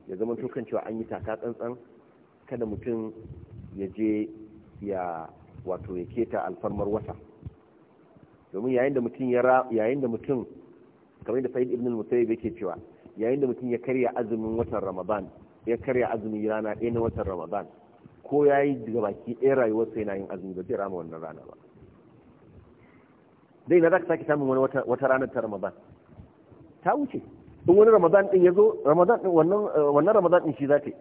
ya zama tukan cewa an yi taka tsantsan kada mutum ya je ya wato ya keta alfarmar wata domin yayin da mutum ya ra yayin da mutum kamar da Sa'id ibn al-Musayyib yake cewa yayin da mutum ya karya azumin watan Ramadan ya karya azumin rana ɗaya na watan Ramadan ko yayi daga baki ɗaya rayuwar sai yana yin azumi ba zai rama wannan rana ba dai na za ka sake samun wani wata ranar ta Ramadan ta wuce in wani Ramadan din ya zo Ramadan din wannan wannan Ramadan din shi za baka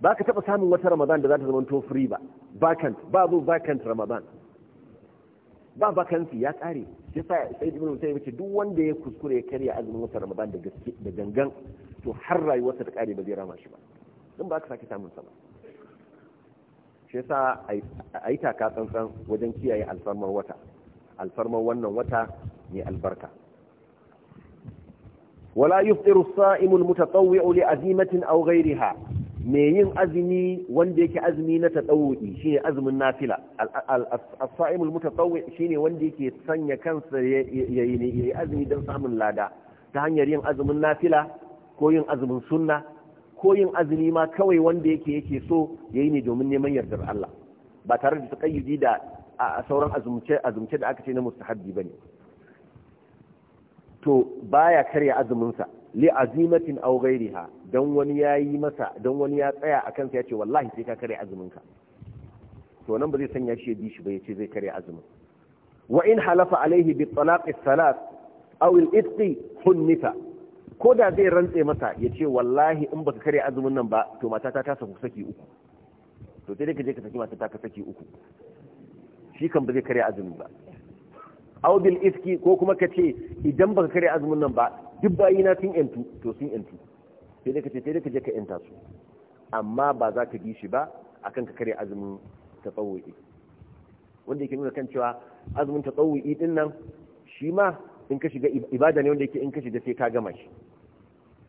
ba ka taɓa samun wata Ramadan da za ta zama to free ba vacant babu vacant Ramadan ba vacancy ya kare shi sa sai ibn musayyib ce duk wanda ya kuskure ya karya azumin wata ramadan da gaske da gangan to har rayuwarsa ta kare ba zai rama shi ba din ba ka sake samun sa ba shi yasa ayi taka tsantsan wajen kiyaye alfarmar wata alfarmar wannan wata mai albarka wala yuftiru sa'imul saimu mutatawwiu li azimatin aw ghayriha mai yin azumi wanda yake azumi na tatsawu'i shine azumin nafila al saimul mutatawwi shine wanda yake sanya kansa yayi azumi don samun lada ta hanyar yin azumin nafila ko yin azumin sunna ko yin azumi ma kawai wanda yake yake so yayi ne domin neman yardar Allah ba tare da takayyudi da sauran azumce azumce da aka ce na mustahabbi bane to baya karya azumin sa li azimatin aw ghairiha dan wani yayi masa dan wani ya tsaya akan sa yace wallahi sai ka kare azumin ka to nan ba zai sanya shi ya bi shi ba yace zai kare azumin wa in halafa alaihi bi talaq salat aw al itqi hunnifa ko da zai rantse masa yace wallahi in baka kare azumin nan ba to matata ta saku saki uku to sai dai ka je ka saki matata ka saki uku shi kan ba zai kare azumin ba aw bil itqi ko kuma ka ce idan baka kare azumin nan ba duk na sun yantu to sun yantu sai dai ka ce sai dai ka je ka yanta su amma ba za ka bi shi ba kan ka kare azumin tsawo'i wanda yake nuna kan cewa azumin tsawo'i din nan shi ma in ka shiga ibada ne wanda yake in ka shiga sai ka gama shi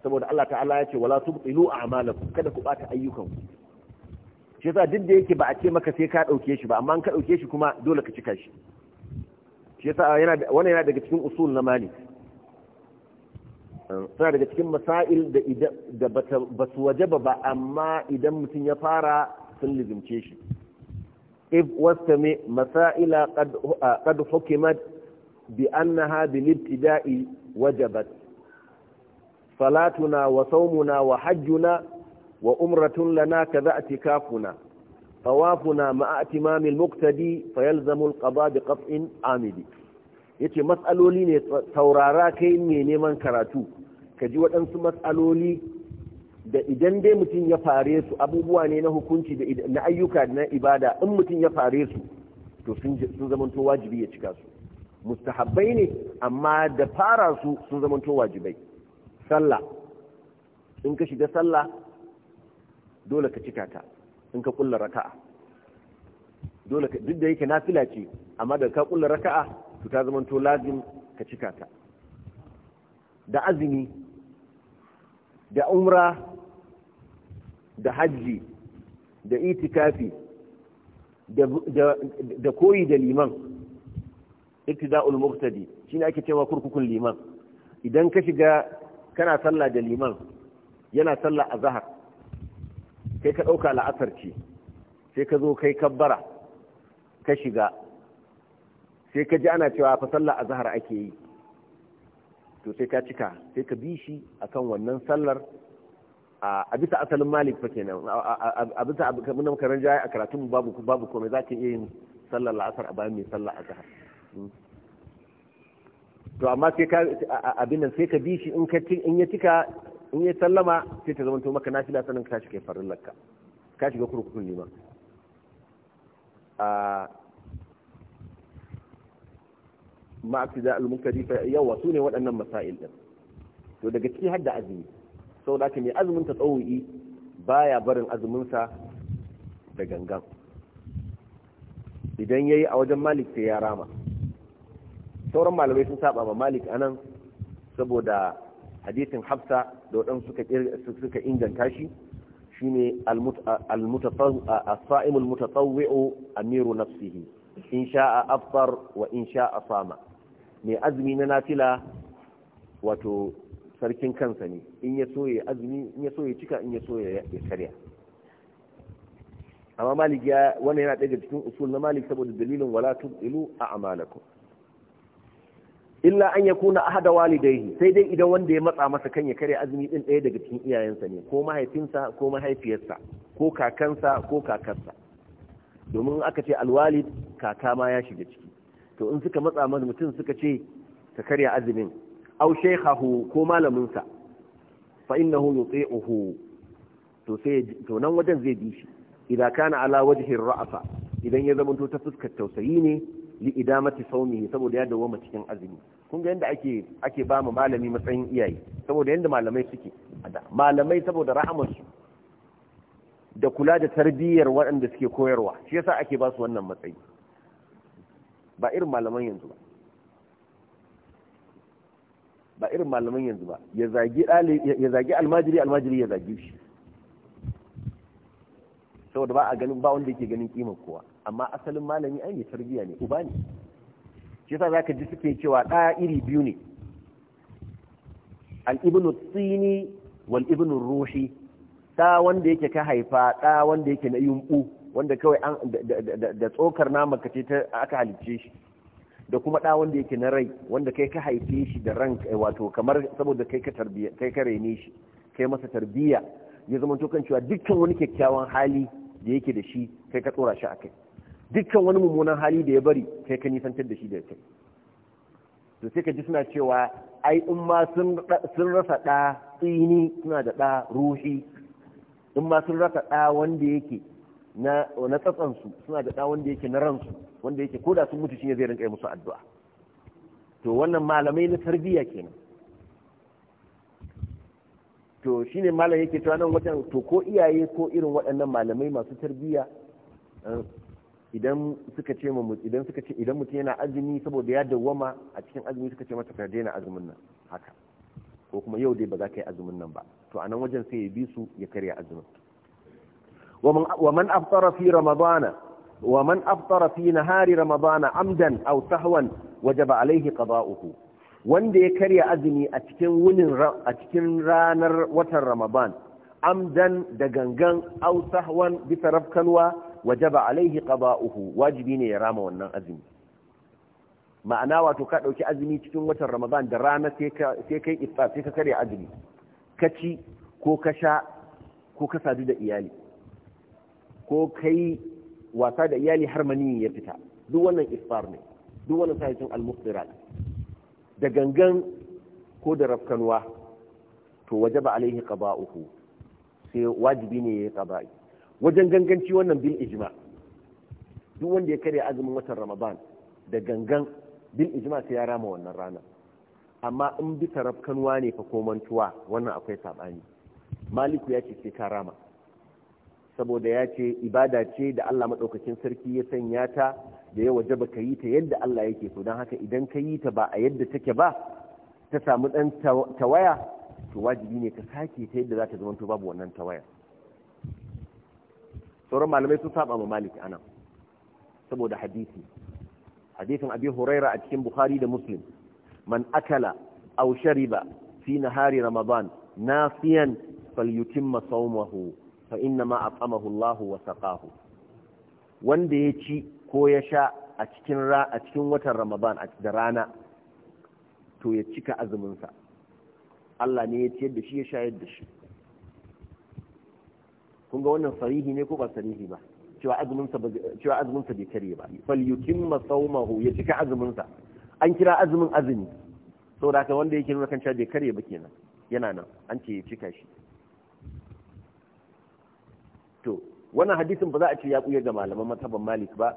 saboda Allah ta'ala ya ce wala a a'malakum kada ku bata ku, shi yasa duk da yake ba a ce maka sai ka dauke shi ba amma in ka dauke shi kuma dole ka cika shi shi yasa yana wannan yana daga cikin usul na Malik sai daga cikin masail da da ba su wajaba ba amma idan mutum ya fara sun lizimce shi if wastami masaila qad hukimat bi annaha bil ibtida'i wajabat salatuna wa sawmuna wa hajjuna wa umratun lana kadha atikafuna tawafuna al muqtadi fayalzamu al qada bi qat'in amidi yace mas'aloli ne taurara kai ne neman karatu ka ji waɗansu matsaloli da idan dai mutum ya fare su abubuwa ne na hukunci da na ayyuka na ibada in mutum ya fare su to sun zamanto wajibi ya cika su mustahabbai ne amma da fara su sun zamanto wajibai sallah in ka shiga sallah dole ka cika ta in ka kulla raka'a dole ka duk da yake nafila ce amma da ka kulla raka'a to ta zamanto lazim ka cika ta da azumi da umra da hajji da itikafi da koyi da liman iktida'ul muqtadi shine ake cewa kurkukun liman idan ka shiga kana sallah da liman yana sallah a zahar sai ka ɗauka la'asar ce sai ka zo kai kabbara ka shiga sai ka ji ana cewa fa sallah a ake yi to sai ka cika sai ka bi shi akan wannan sallar a bisa asalin malik fa kenan a bisa abin da muka ranja a karatun babu babu komai za ka iya yin sallar la'asar a bayan mai sallar azhar hmm. to amma sai ka abin nan sai ka bi shi in ka in ya cika in ya sallama sai ta zamanto maka nafila sanin ka shiga farin lakka ka shiga kurkukun lima ma da al-munkari fa yawa sune waɗannan masail din to daga ciki hadda azumi saboda ke mai azumin ta tsawo'i baya barin azumin sa da gangan idan yayi a wajen malik sai ya rama sauran malamai sun saba ma malik anan saboda hadisin hafsa da waɗansu suka inganta shi shine as-sa'im al-mutatawwi'u amiru nafsihi in sha'a afṭar wa in sha'a fama. mai azumi na nafila wato sarkin kansa ne in ya so azumi in ya soye cika in ya so ya karya amma malik ya wannan yana daga cikin usul na malik saboda dalilin wala tubilu a amalakum illa an yakuna ahada walidayhi sai dai idan wanda ya matsa masa kan ya karya azumi din ɗaya daga cikin iyayensa ne ko mahaifinsa ko mahaifiyarsa ko kakansa ko kakarsa domin aka ce alwalid kaka ma ya shiga ciki to in suka matsa mana mutum suka ce ka karya azumin aw shaykhahu ko malamin sa fa innahu yuti'uhu to sai to nan wajen zai bi shi idan kana ala wajhi ra'fa idan ya zamanto ta fuskar tausayi ne li idamati saumihi saboda ya dawo cikin azumi kun ga yanda ake ake ba mu malami matsayin iyaye saboda yanda malamai suke malamai saboda rahaman su da kula da tarbiyyar waɗanda suke koyarwa shi yasa ake ba su wannan matsayi ba irin malaman yanzu ba ba irin malaman yanzu ba ya zagi almajiri almajiri ya zagi shi saboda ba a ganin ba wanda yake ganin kimar kowa amma asalin malami an yi tarbiya ne uba ne shi yasa zaka ji suke cewa ɗaya iri biyu ne al ibnu tsini wal ibnu ruhi da wanda yake ka haifa da wanda yake na yumbu wanda kawai an da tsokar nama ka ta aka halicce shi da kuma ɗa wanda yake na rai wanda kai ka haife shi da ran eh, wato kamar saboda kai ka tarbiya kai ka rene shi kai masa tarbiya ya zama to cewa dukkan wani kyakkyawan hali da yake da shi kai ka tsora shi akai dukkan wani mummunan hali da ya bari kai ka nisantar da shi da kai to sai ka ji suna cewa ai in ma sun rasa ɗa tsini suna da ɗa ruhi in ma sun rasa ɗa wanda yake na na tsatsansu suna da ɗa wanda yake na ransu wanda yake ko da sun mutu shine zai rinka yi musu addu'a to wannan malamai na tarbiyya kenan to shine malam yake cewa nan wajen to ko iyaye ko irin waɗannan malamai masu tarbiyya eh, idan suka ce idan suka ce idan mutum yana azumi saboda ya dawwama a cikin azumi suka ce masa ka daina azumin nan haka ko kuma yau dai ba za ka yi azumin nan ba to a nan wajen sai ya bi su ya karya azumin ومن أفطر في رمضان ومن أفطر في نهار رمضان عمدا أو سهوا وجب عليه قضاؤه wanda ya karya azumi a cikin wunin a cikin ranar watan Ramadan amdan da gangan au sahwan bisa rafkanwa wajaba alaihi qada'uhu wajibi ne ya rama wannan azumi ma'ana wato ka ɗauki azumi cikin watan ramadan da rana sai kai iftar sai ka karya azumi ka ci ko ka sha ko ka sadu da iyali ko kai wasa da iyali har mani ya fita duk wannan isfar ne duk wannan sahihin al-mufdirat da gangan ko da rafkanwa to wajaba alaihi qaba'uhu sai wajibi ne ya qaba'i wajen ganganci wannan bil ijma duk wanda ya karya azumin watan ramadan da gangan bil ijma sai ya rama wannan rana amma in bisa tarafkanwa ne fa ko mantuwa wannan akwai sabani maliku ya ce sai ka rama saboda ya ce ibada ce da Allah maɗaukakin sarki ya sanya ta da ya wajaba ka yi ta yadda Allah yake so don haka idan ka yi ta ba a yadda take ba ta samu ɗan tawaya to wajibi ne ka sake ta yadda za ta zama to babu wannan tawaya sauran malamai sun saba ma malik anan saboda hadisi hadisin abi huraira a cikin bukhari da muslim man akala aw shariba fi nahari ramadan nasiyan falyutimma sawmahu fa inna ma a Allah wa saqahu wanda ya ci ko ya sha a cikin ra a cikin watan Ramadan a da rana to ya cika azumin sa Allah ne ya ci da shi ya shayar da shi kun ga wannan sarihi ne ko ba sarihi ba cewa azumin sa cewa azumin sa bai kare ba fal yutimma sawmahu ya cika azumin sa an kira azumin azumi saboda haka wanda yake nuna kan cewa bai kare ba kenan yana nan an ce ya cika shi to wannan hadisin ba za a ce ya kuya ga malaman mazhaban malik ba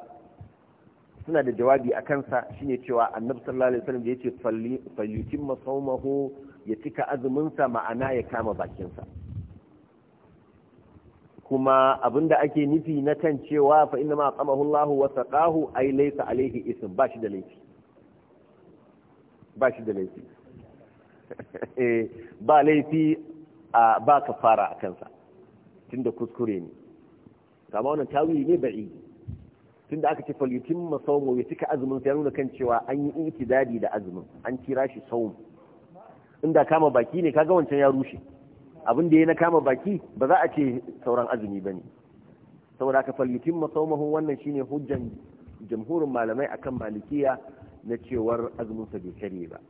suna da jawabi a kansa shine cewa annabi sallallahu alaihi wasallam da yace falyutimma sawmahu ya cika azumin ma'ana ya kama bakinsa. sa kuma abinda ake nufi na kan cewa fa inna ma qamahu Allahu wa saqahu ay laysa alayhi ism ba shi da laifi ba shi da laifi eh, ba laifi ba kafara a kansa tunda kuskure ne kama wannan tawili ne ba'i tunda aka ce falitin masaumu ya cika azumin sai nuna kan cewa an yi dadi da azumin an kira shi saum inda kama baki ne kaga wancan ya rushe abin da ya na kama baki ba za a ce sauran azumi bane saboda ka falitin masaumahu wannan shine hujjan jamhurin malamai akan malikiya na cewar azumin sa bai kare ba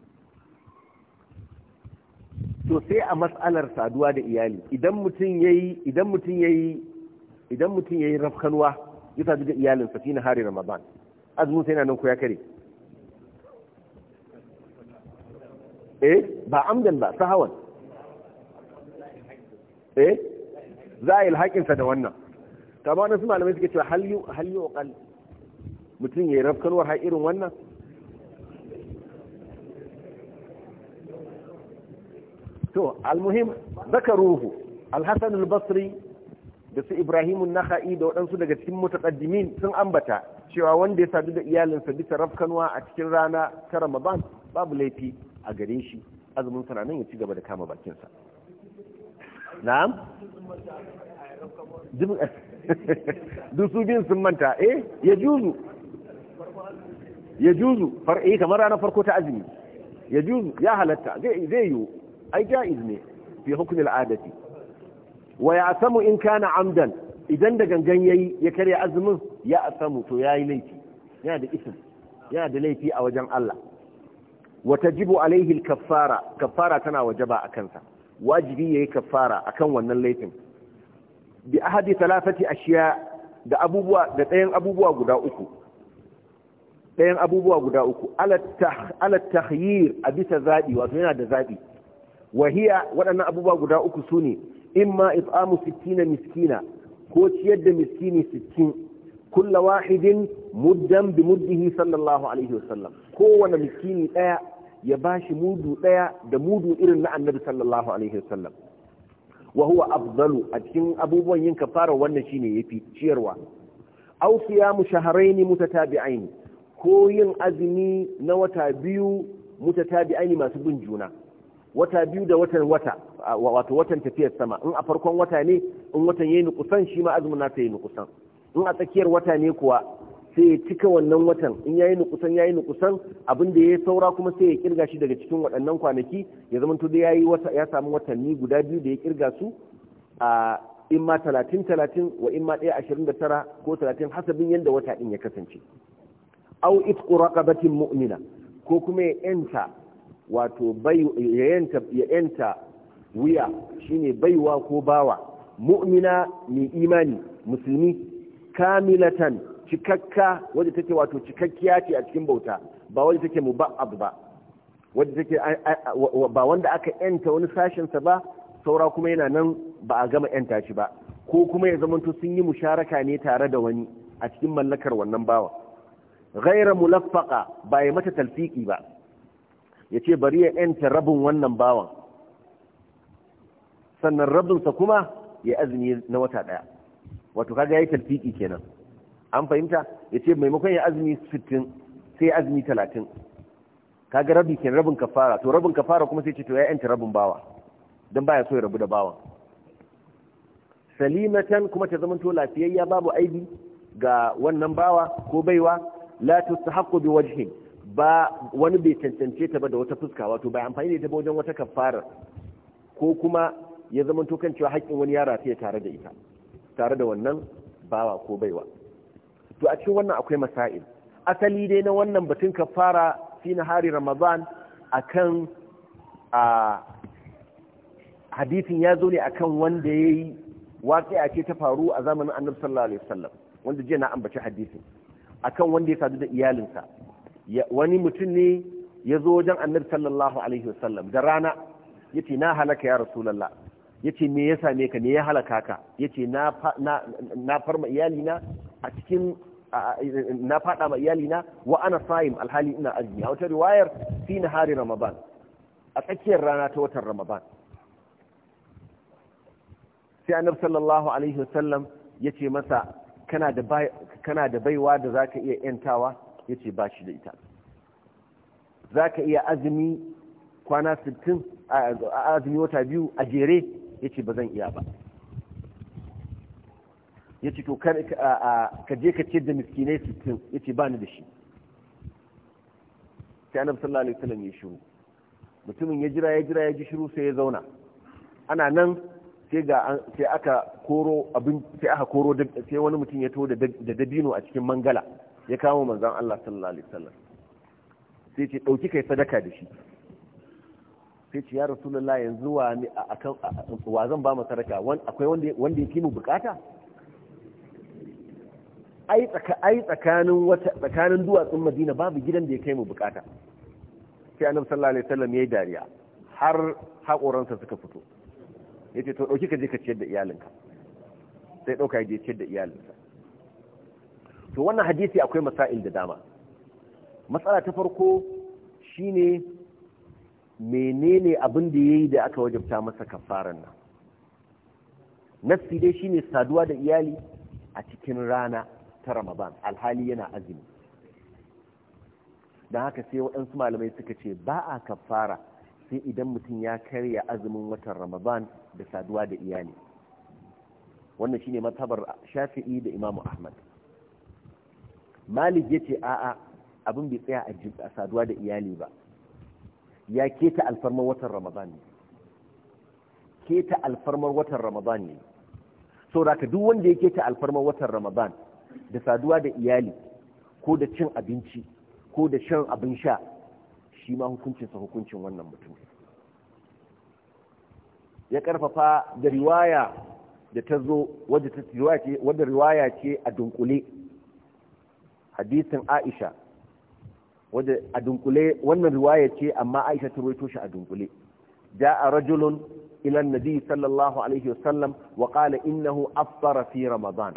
to sai a matsalar saduwa da iyali idan mutum yi idan mutum yi idan mutum yi rafkanwa ya sadu da iyalin sa na hari ramadan azumin sai na nan ko ya kare eh ba amdan ba sahawan eh za a yi alhakin sa da wannan kama wannan su malamai suke cewa hal yu hal yu mutum yi rafkanwar har irin wannan to almuhim zakaruhu alhasan albasri basri da su an Naha'i da waɗansu daga cikin mutaqaddimin sun ambata cewa wanda ya sadu da iyalinsa bisa rafkanwa a cikin rana ta ramadan babu laifi a gare shi azumin sa nan ya ci gaba da kama bakinsa na'am duk su bin sun manta eh ya juzu ya juzu eh, kamar ranar farko ta azumi ya juzu ya halatta zai yi ai jaiz ne fi hukm adati. wa ya'samu in kana amdan idan da gangan yayi ya karya azumin ya asamu to yayi laifi yana da isim yana da laifi a wajen Allah wa tajibu alaihi al-kaffara kaffara tana wajaba a kansa wajibi yayi kaffara akan wannan laifin bi ahadi thalathati ashiya da abubuwa da ɗayan abubuwa guda uku ɗayan abubuwa guda uku ala tahyir a bisa zaɓi wato yana da zaɓi wahiya waɗannan abubuwa guda uku su ne imma it'amu sitina miskina ko ciyar da miskini sittin kulla wahidin muddan bi muddihi sallallahu alaihi wasallam kowane miskini ɗaya ya bashi mudu ɗaya da mudu irin na annabi sallallahu alaihi wasallam wa huwa afdalu a cikin abubuwan yin kafara wannan shine yafi ciyarwa Aukiya mu siyamu shahrayn mutatabi'ain ko yin azumi na wata biyu mutatabi'ain masu bin juna wata biyu da watan wata wato watan tafiyar sama in a farkon wata ne in watan yayi nukusan shi ma azumin nasa yayi nukusan in a tsakiyar wata ne kuwa sai ya cika wannan watan in yayi nukusan yayi nukusan abin da ya saura kuma sai ya kirga shi daga cikin waɗannan kwanaki ya zama to da yayi wata ya samu watanni guda biyu da ya kirga su a in ma talatin talatin wa in ma ɗaya ashirin da tara ko talatin hasabin yadda wata ɗin ya kasance au itqu raqabatin mu'mina ko kuma ya yanta wato ya yanta wuya shine baiwa ko bawa mu'mina mai imani musulmi kamilatan cikakka wadda take wato cikakkiya ce a cikin bauta ba wadda take mu ba wadda take ba wanda aka yanta wani sashensa ba saura kuma yana nan ba a gama yanta shi ba ko kuma ya zamanto sun yi musharaka ne tare da wani a cikin mallakar wannan bawa mu mulaffaqa ba ya mata talfiki ba ya ce bari ya yanta rabin wannan bawan sannan rabinsa kuma ya azumi na wata ɗaya wato kaga ya yi talfiki kenan an fahimta ya ce maimakon ya azumi sittin sai azumi talatin kaga rabi kenan rabin kafara to rabin kafara kuma sai ce to ya yanta rabin bawa don baya so ya rabu da bawan salimatan kuma ta zamanto lafiyayya babu aibi ga wannan bawa ko baiwa la tustahaqqu bi wajhin ba wani bai cancance ta ba da wata fuska wato bai amfani da ita ba wajen wata kafara ko kuma ya zama kan cewa haƙƙin wani yara ta tare da ita tare da wannan bawa ko baiwa to a cikin wannan akwai masail asali dai na wannan batun kafara fi hari ramadan akan a hadisin ya zo ne akan wanda yayi a ce ta faru a zamanin annabi sallallahu alaihi wasallam wanda jiya na ambaci hadisin akan wanda ya sadu da iyalinsa wani mutum ne ya zo wajen annabi sallallahu alaihi wasallam da rana ya ce na halaka ya rasulallah ya ce me ya same ka ne ya halaka ka ya ce na farma iyalina a cikin na fada ma iyalina wa ana sa'im alhali ina azumi a wata riwayar fi hari ramadan a tsakiyar rana ta watan ramadan sai annabi sallallahu alaihi wasallam ya ce masa kana da baiwa da zaka iya yantawa ya ce ba shi da ita za ka iya azumi kwana 60 a azumi wata biyu a jere ya ce ba zan iya ba ya ce to ka je ka ce da miskinai 60 ya ce ba ni da shi sai annabi sallallahu alaihi wasallam ya shiru mutumin ya jira ya jira ya ji shiru sai ya zauna ana nan sai ga sai aka koro abin sai aka koro sai wani mutum ya to da dabino a cikin mangala ya kawo manzan Allah sallallahu alaihi wasallam sai ce dauki kai sadaka da shi sai ce ya rasulullahi yanzu wa ni akan wa zan ba mu sadaka akwai wanda wanda yake mu bukata ai tsaka ai tsakanin wata tsakanin duwatsun Madina babu gidan da ya kai mu bukata sai annabi sallallahu alaihi wasallam yayi dariya har haƙoransa suka fito yace to dauki ka je ka ciyar da iyalinka sai dauka ya je ciyar da iyalinsa to wannan hadisi akwai masail da dama matsala ta farko shine menene abin da yayi da aka wajabta masa kafaran nan nafsi dai shine saduwa da iyali a cikin rana ta Ramadan alhali yana azumi dan haka sai waɗansu malamai suka ce ba a kafara sai idan mutum ya karya azumin watan Ramadan da saduwa da iyali wannan shine matabar Shafi'i da Imam Ahmad malik ya ce a'a abin bai tsaya a saduwa da iyali ba ya keta alfarmar watan ramadan ne keta alfarmar watan ramadan ne sauraka duk wanda ya keta alfarmar watan ramadan da saduwa da iyali ko da cin abinci ko da shan abin sha shi ma hukuncinsa hukuncin wannan mutum ya karfafa da riwaya da ta zo wadda riwaya ce a dunkule hadisin Aisha wadda a dunkule wannan riwaya ce amma Aisha ta shi a dunkule a rajulun ila nabi sallallahu alaihi wasallam wa qala innahu afṭara fi ramadan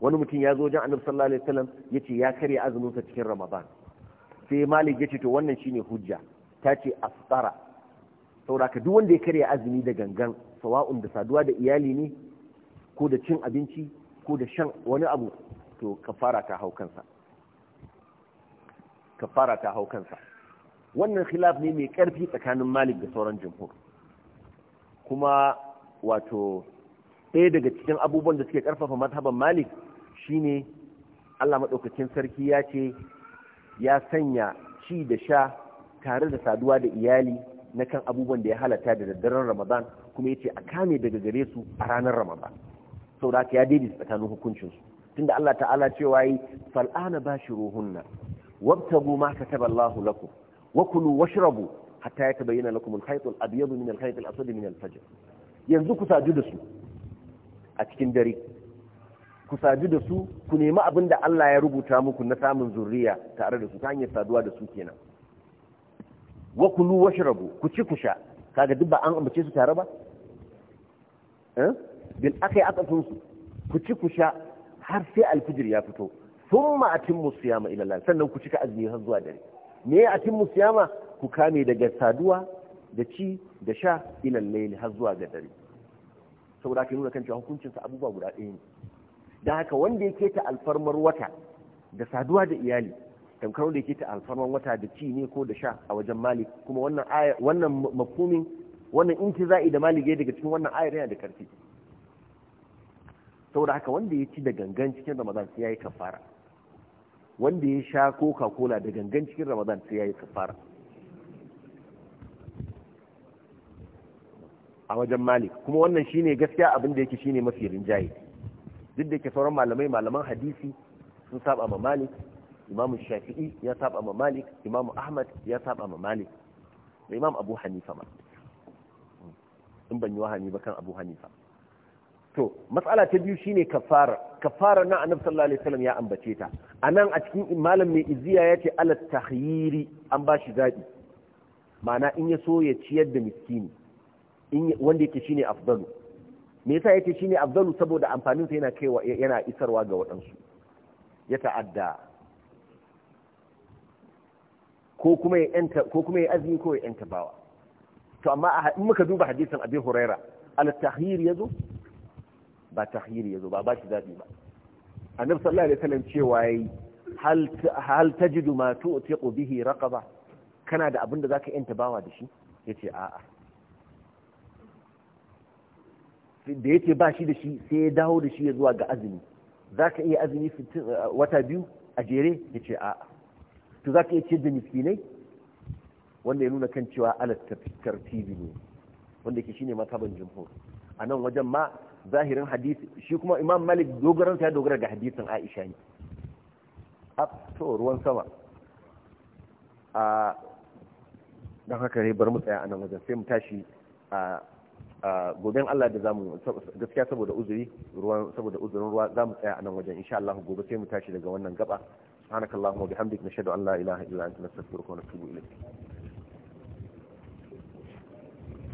wani mutum ya zo wajen annabi sallallahu alaihi wasallam yace ya karya azumin sa cikin ramadan sai malik yace to wannan shine hujja ta ce afṭara saboda ka duk wanda ya karya azumi da gangan sawa'un da saduwa da iyali ne ko da cin abinci ko da shan wani abu to kafara ta hau kansa kafara ta hau kansa wannan khilaf ne mai karfi tsakanin malik da sauran jumhur kuma wato ɗaya daga cikin abubuwan da suke karfafa mazhaban malik shine Allah maɗaukacin sarki ya ce ya sanya ci da sha tare da saduwa da iyali na kan abubuwan da ya halata da daddaren ramadan kuma ya ce a kame daga gare su a ranar ramadan saboda ya daidaita tsakanin hukuncinsu tunda Allah ta'ala cewa yi fal'ana ba shi ruhunna wabtagu ma kataba Allah lakum wa kulu washrabu hatta yatabayyana lakum al-khayt al-abyad min al-khayt al-aswad min al-fajr yanzu ku saju da su a cikin dare ku saju da su ku nemi abin da Allah ya rubuta muku na samun zuriya tare da su ta hanyar saduwa da su kenan wa kulu washrabu ku ci ku sha kaga duk ba an ambace su tare ba eh bil akai akatun su ku ci ku sha har sai alfijir ya fito thumma atimmu siyama ila Allah sannan ku cika azumi har zuwa dare me ya atin siyama ku kame daga saduwa da ci da sha ila har zuwa ga dare saboda ka nuna kan cewa hukuncin sa abubuwa guda ɗaya ne dan haka wanda yake ta alfarmar wata da saduwa da iyali tamkar wanda yake ta alfarmar wata da ci ne ko da sha a wajen malik kuma wannan aya wannan mafhumin wannan intiza'i da malik ya daga cikin wannan ayar yana da karfi saboda haka wanda ya ci da gangan cikin ramadan sai yayi kafara wanda ya sha coca cola da gangan cikin ramadan sai ya yi kafara a wajen malik kuma wannan shine gaskiya abin da yake shine mafi rinjaye duk da ke sauran malamai malaman hadisi sun saba ma malik imamu shafi'i ya saba ma malik imamu ahmad ya saba ma malik da imam abu hanifa ma in ban yi wahani ba kan abu hanifa to matsala ta biyu shine kafara kafara na annabi sallallahu alaihi wasallam ya ambace ta anan a cikin malam mai iziya yace ala tahyiri an ba shi zabi ma'ana in ya so ya ciyar da miskini in wanda yake shine afdalu me yasa yake shine afdalu saboda amfanin sa yana kaiwa yana isarwa ga waɗansu ya ta'adda ko kuma ya yanta ko kuma ya azumi ko ya yanta bawa to amma in muka duba hadisin abi huraira al tahyir yazo ba tahiri yazo ba ba shi zabi ba annabi sallallahu alaihi wasallam cewa yayi hal hal tajidu ma tu'tiqu bihi raqaba kana da abin da zaka yanta bawa da shi yace a'a da yace ba shi da shi sai ya dawo da shi ya zuwa ga azumi zaka iya azumi eh, wata biyu a jere yace a'a to zaka iya ce da miskinai wanda ya nuna kan cewa ala tartibi ne wanda ke shine mataban jumhur a nan wajen ma zahirin hadisi shi kuma imam malik dogaran ya dogara ga hadisin aisha ne to ruwan sama a don haka ne bar mu tsaya a nan wajen sai mu tashi a goben Allah da zamu gaskiya saboda uzuri ruwan saboda uzurin ruwa zamu tsaya a nan wajen insha Allah gobe sai mu tashi daga wannan gaba subhanakallahumma wa bihamdika nashhadu an la ilaha illa anta nastaghfiruka wa natubu ilayk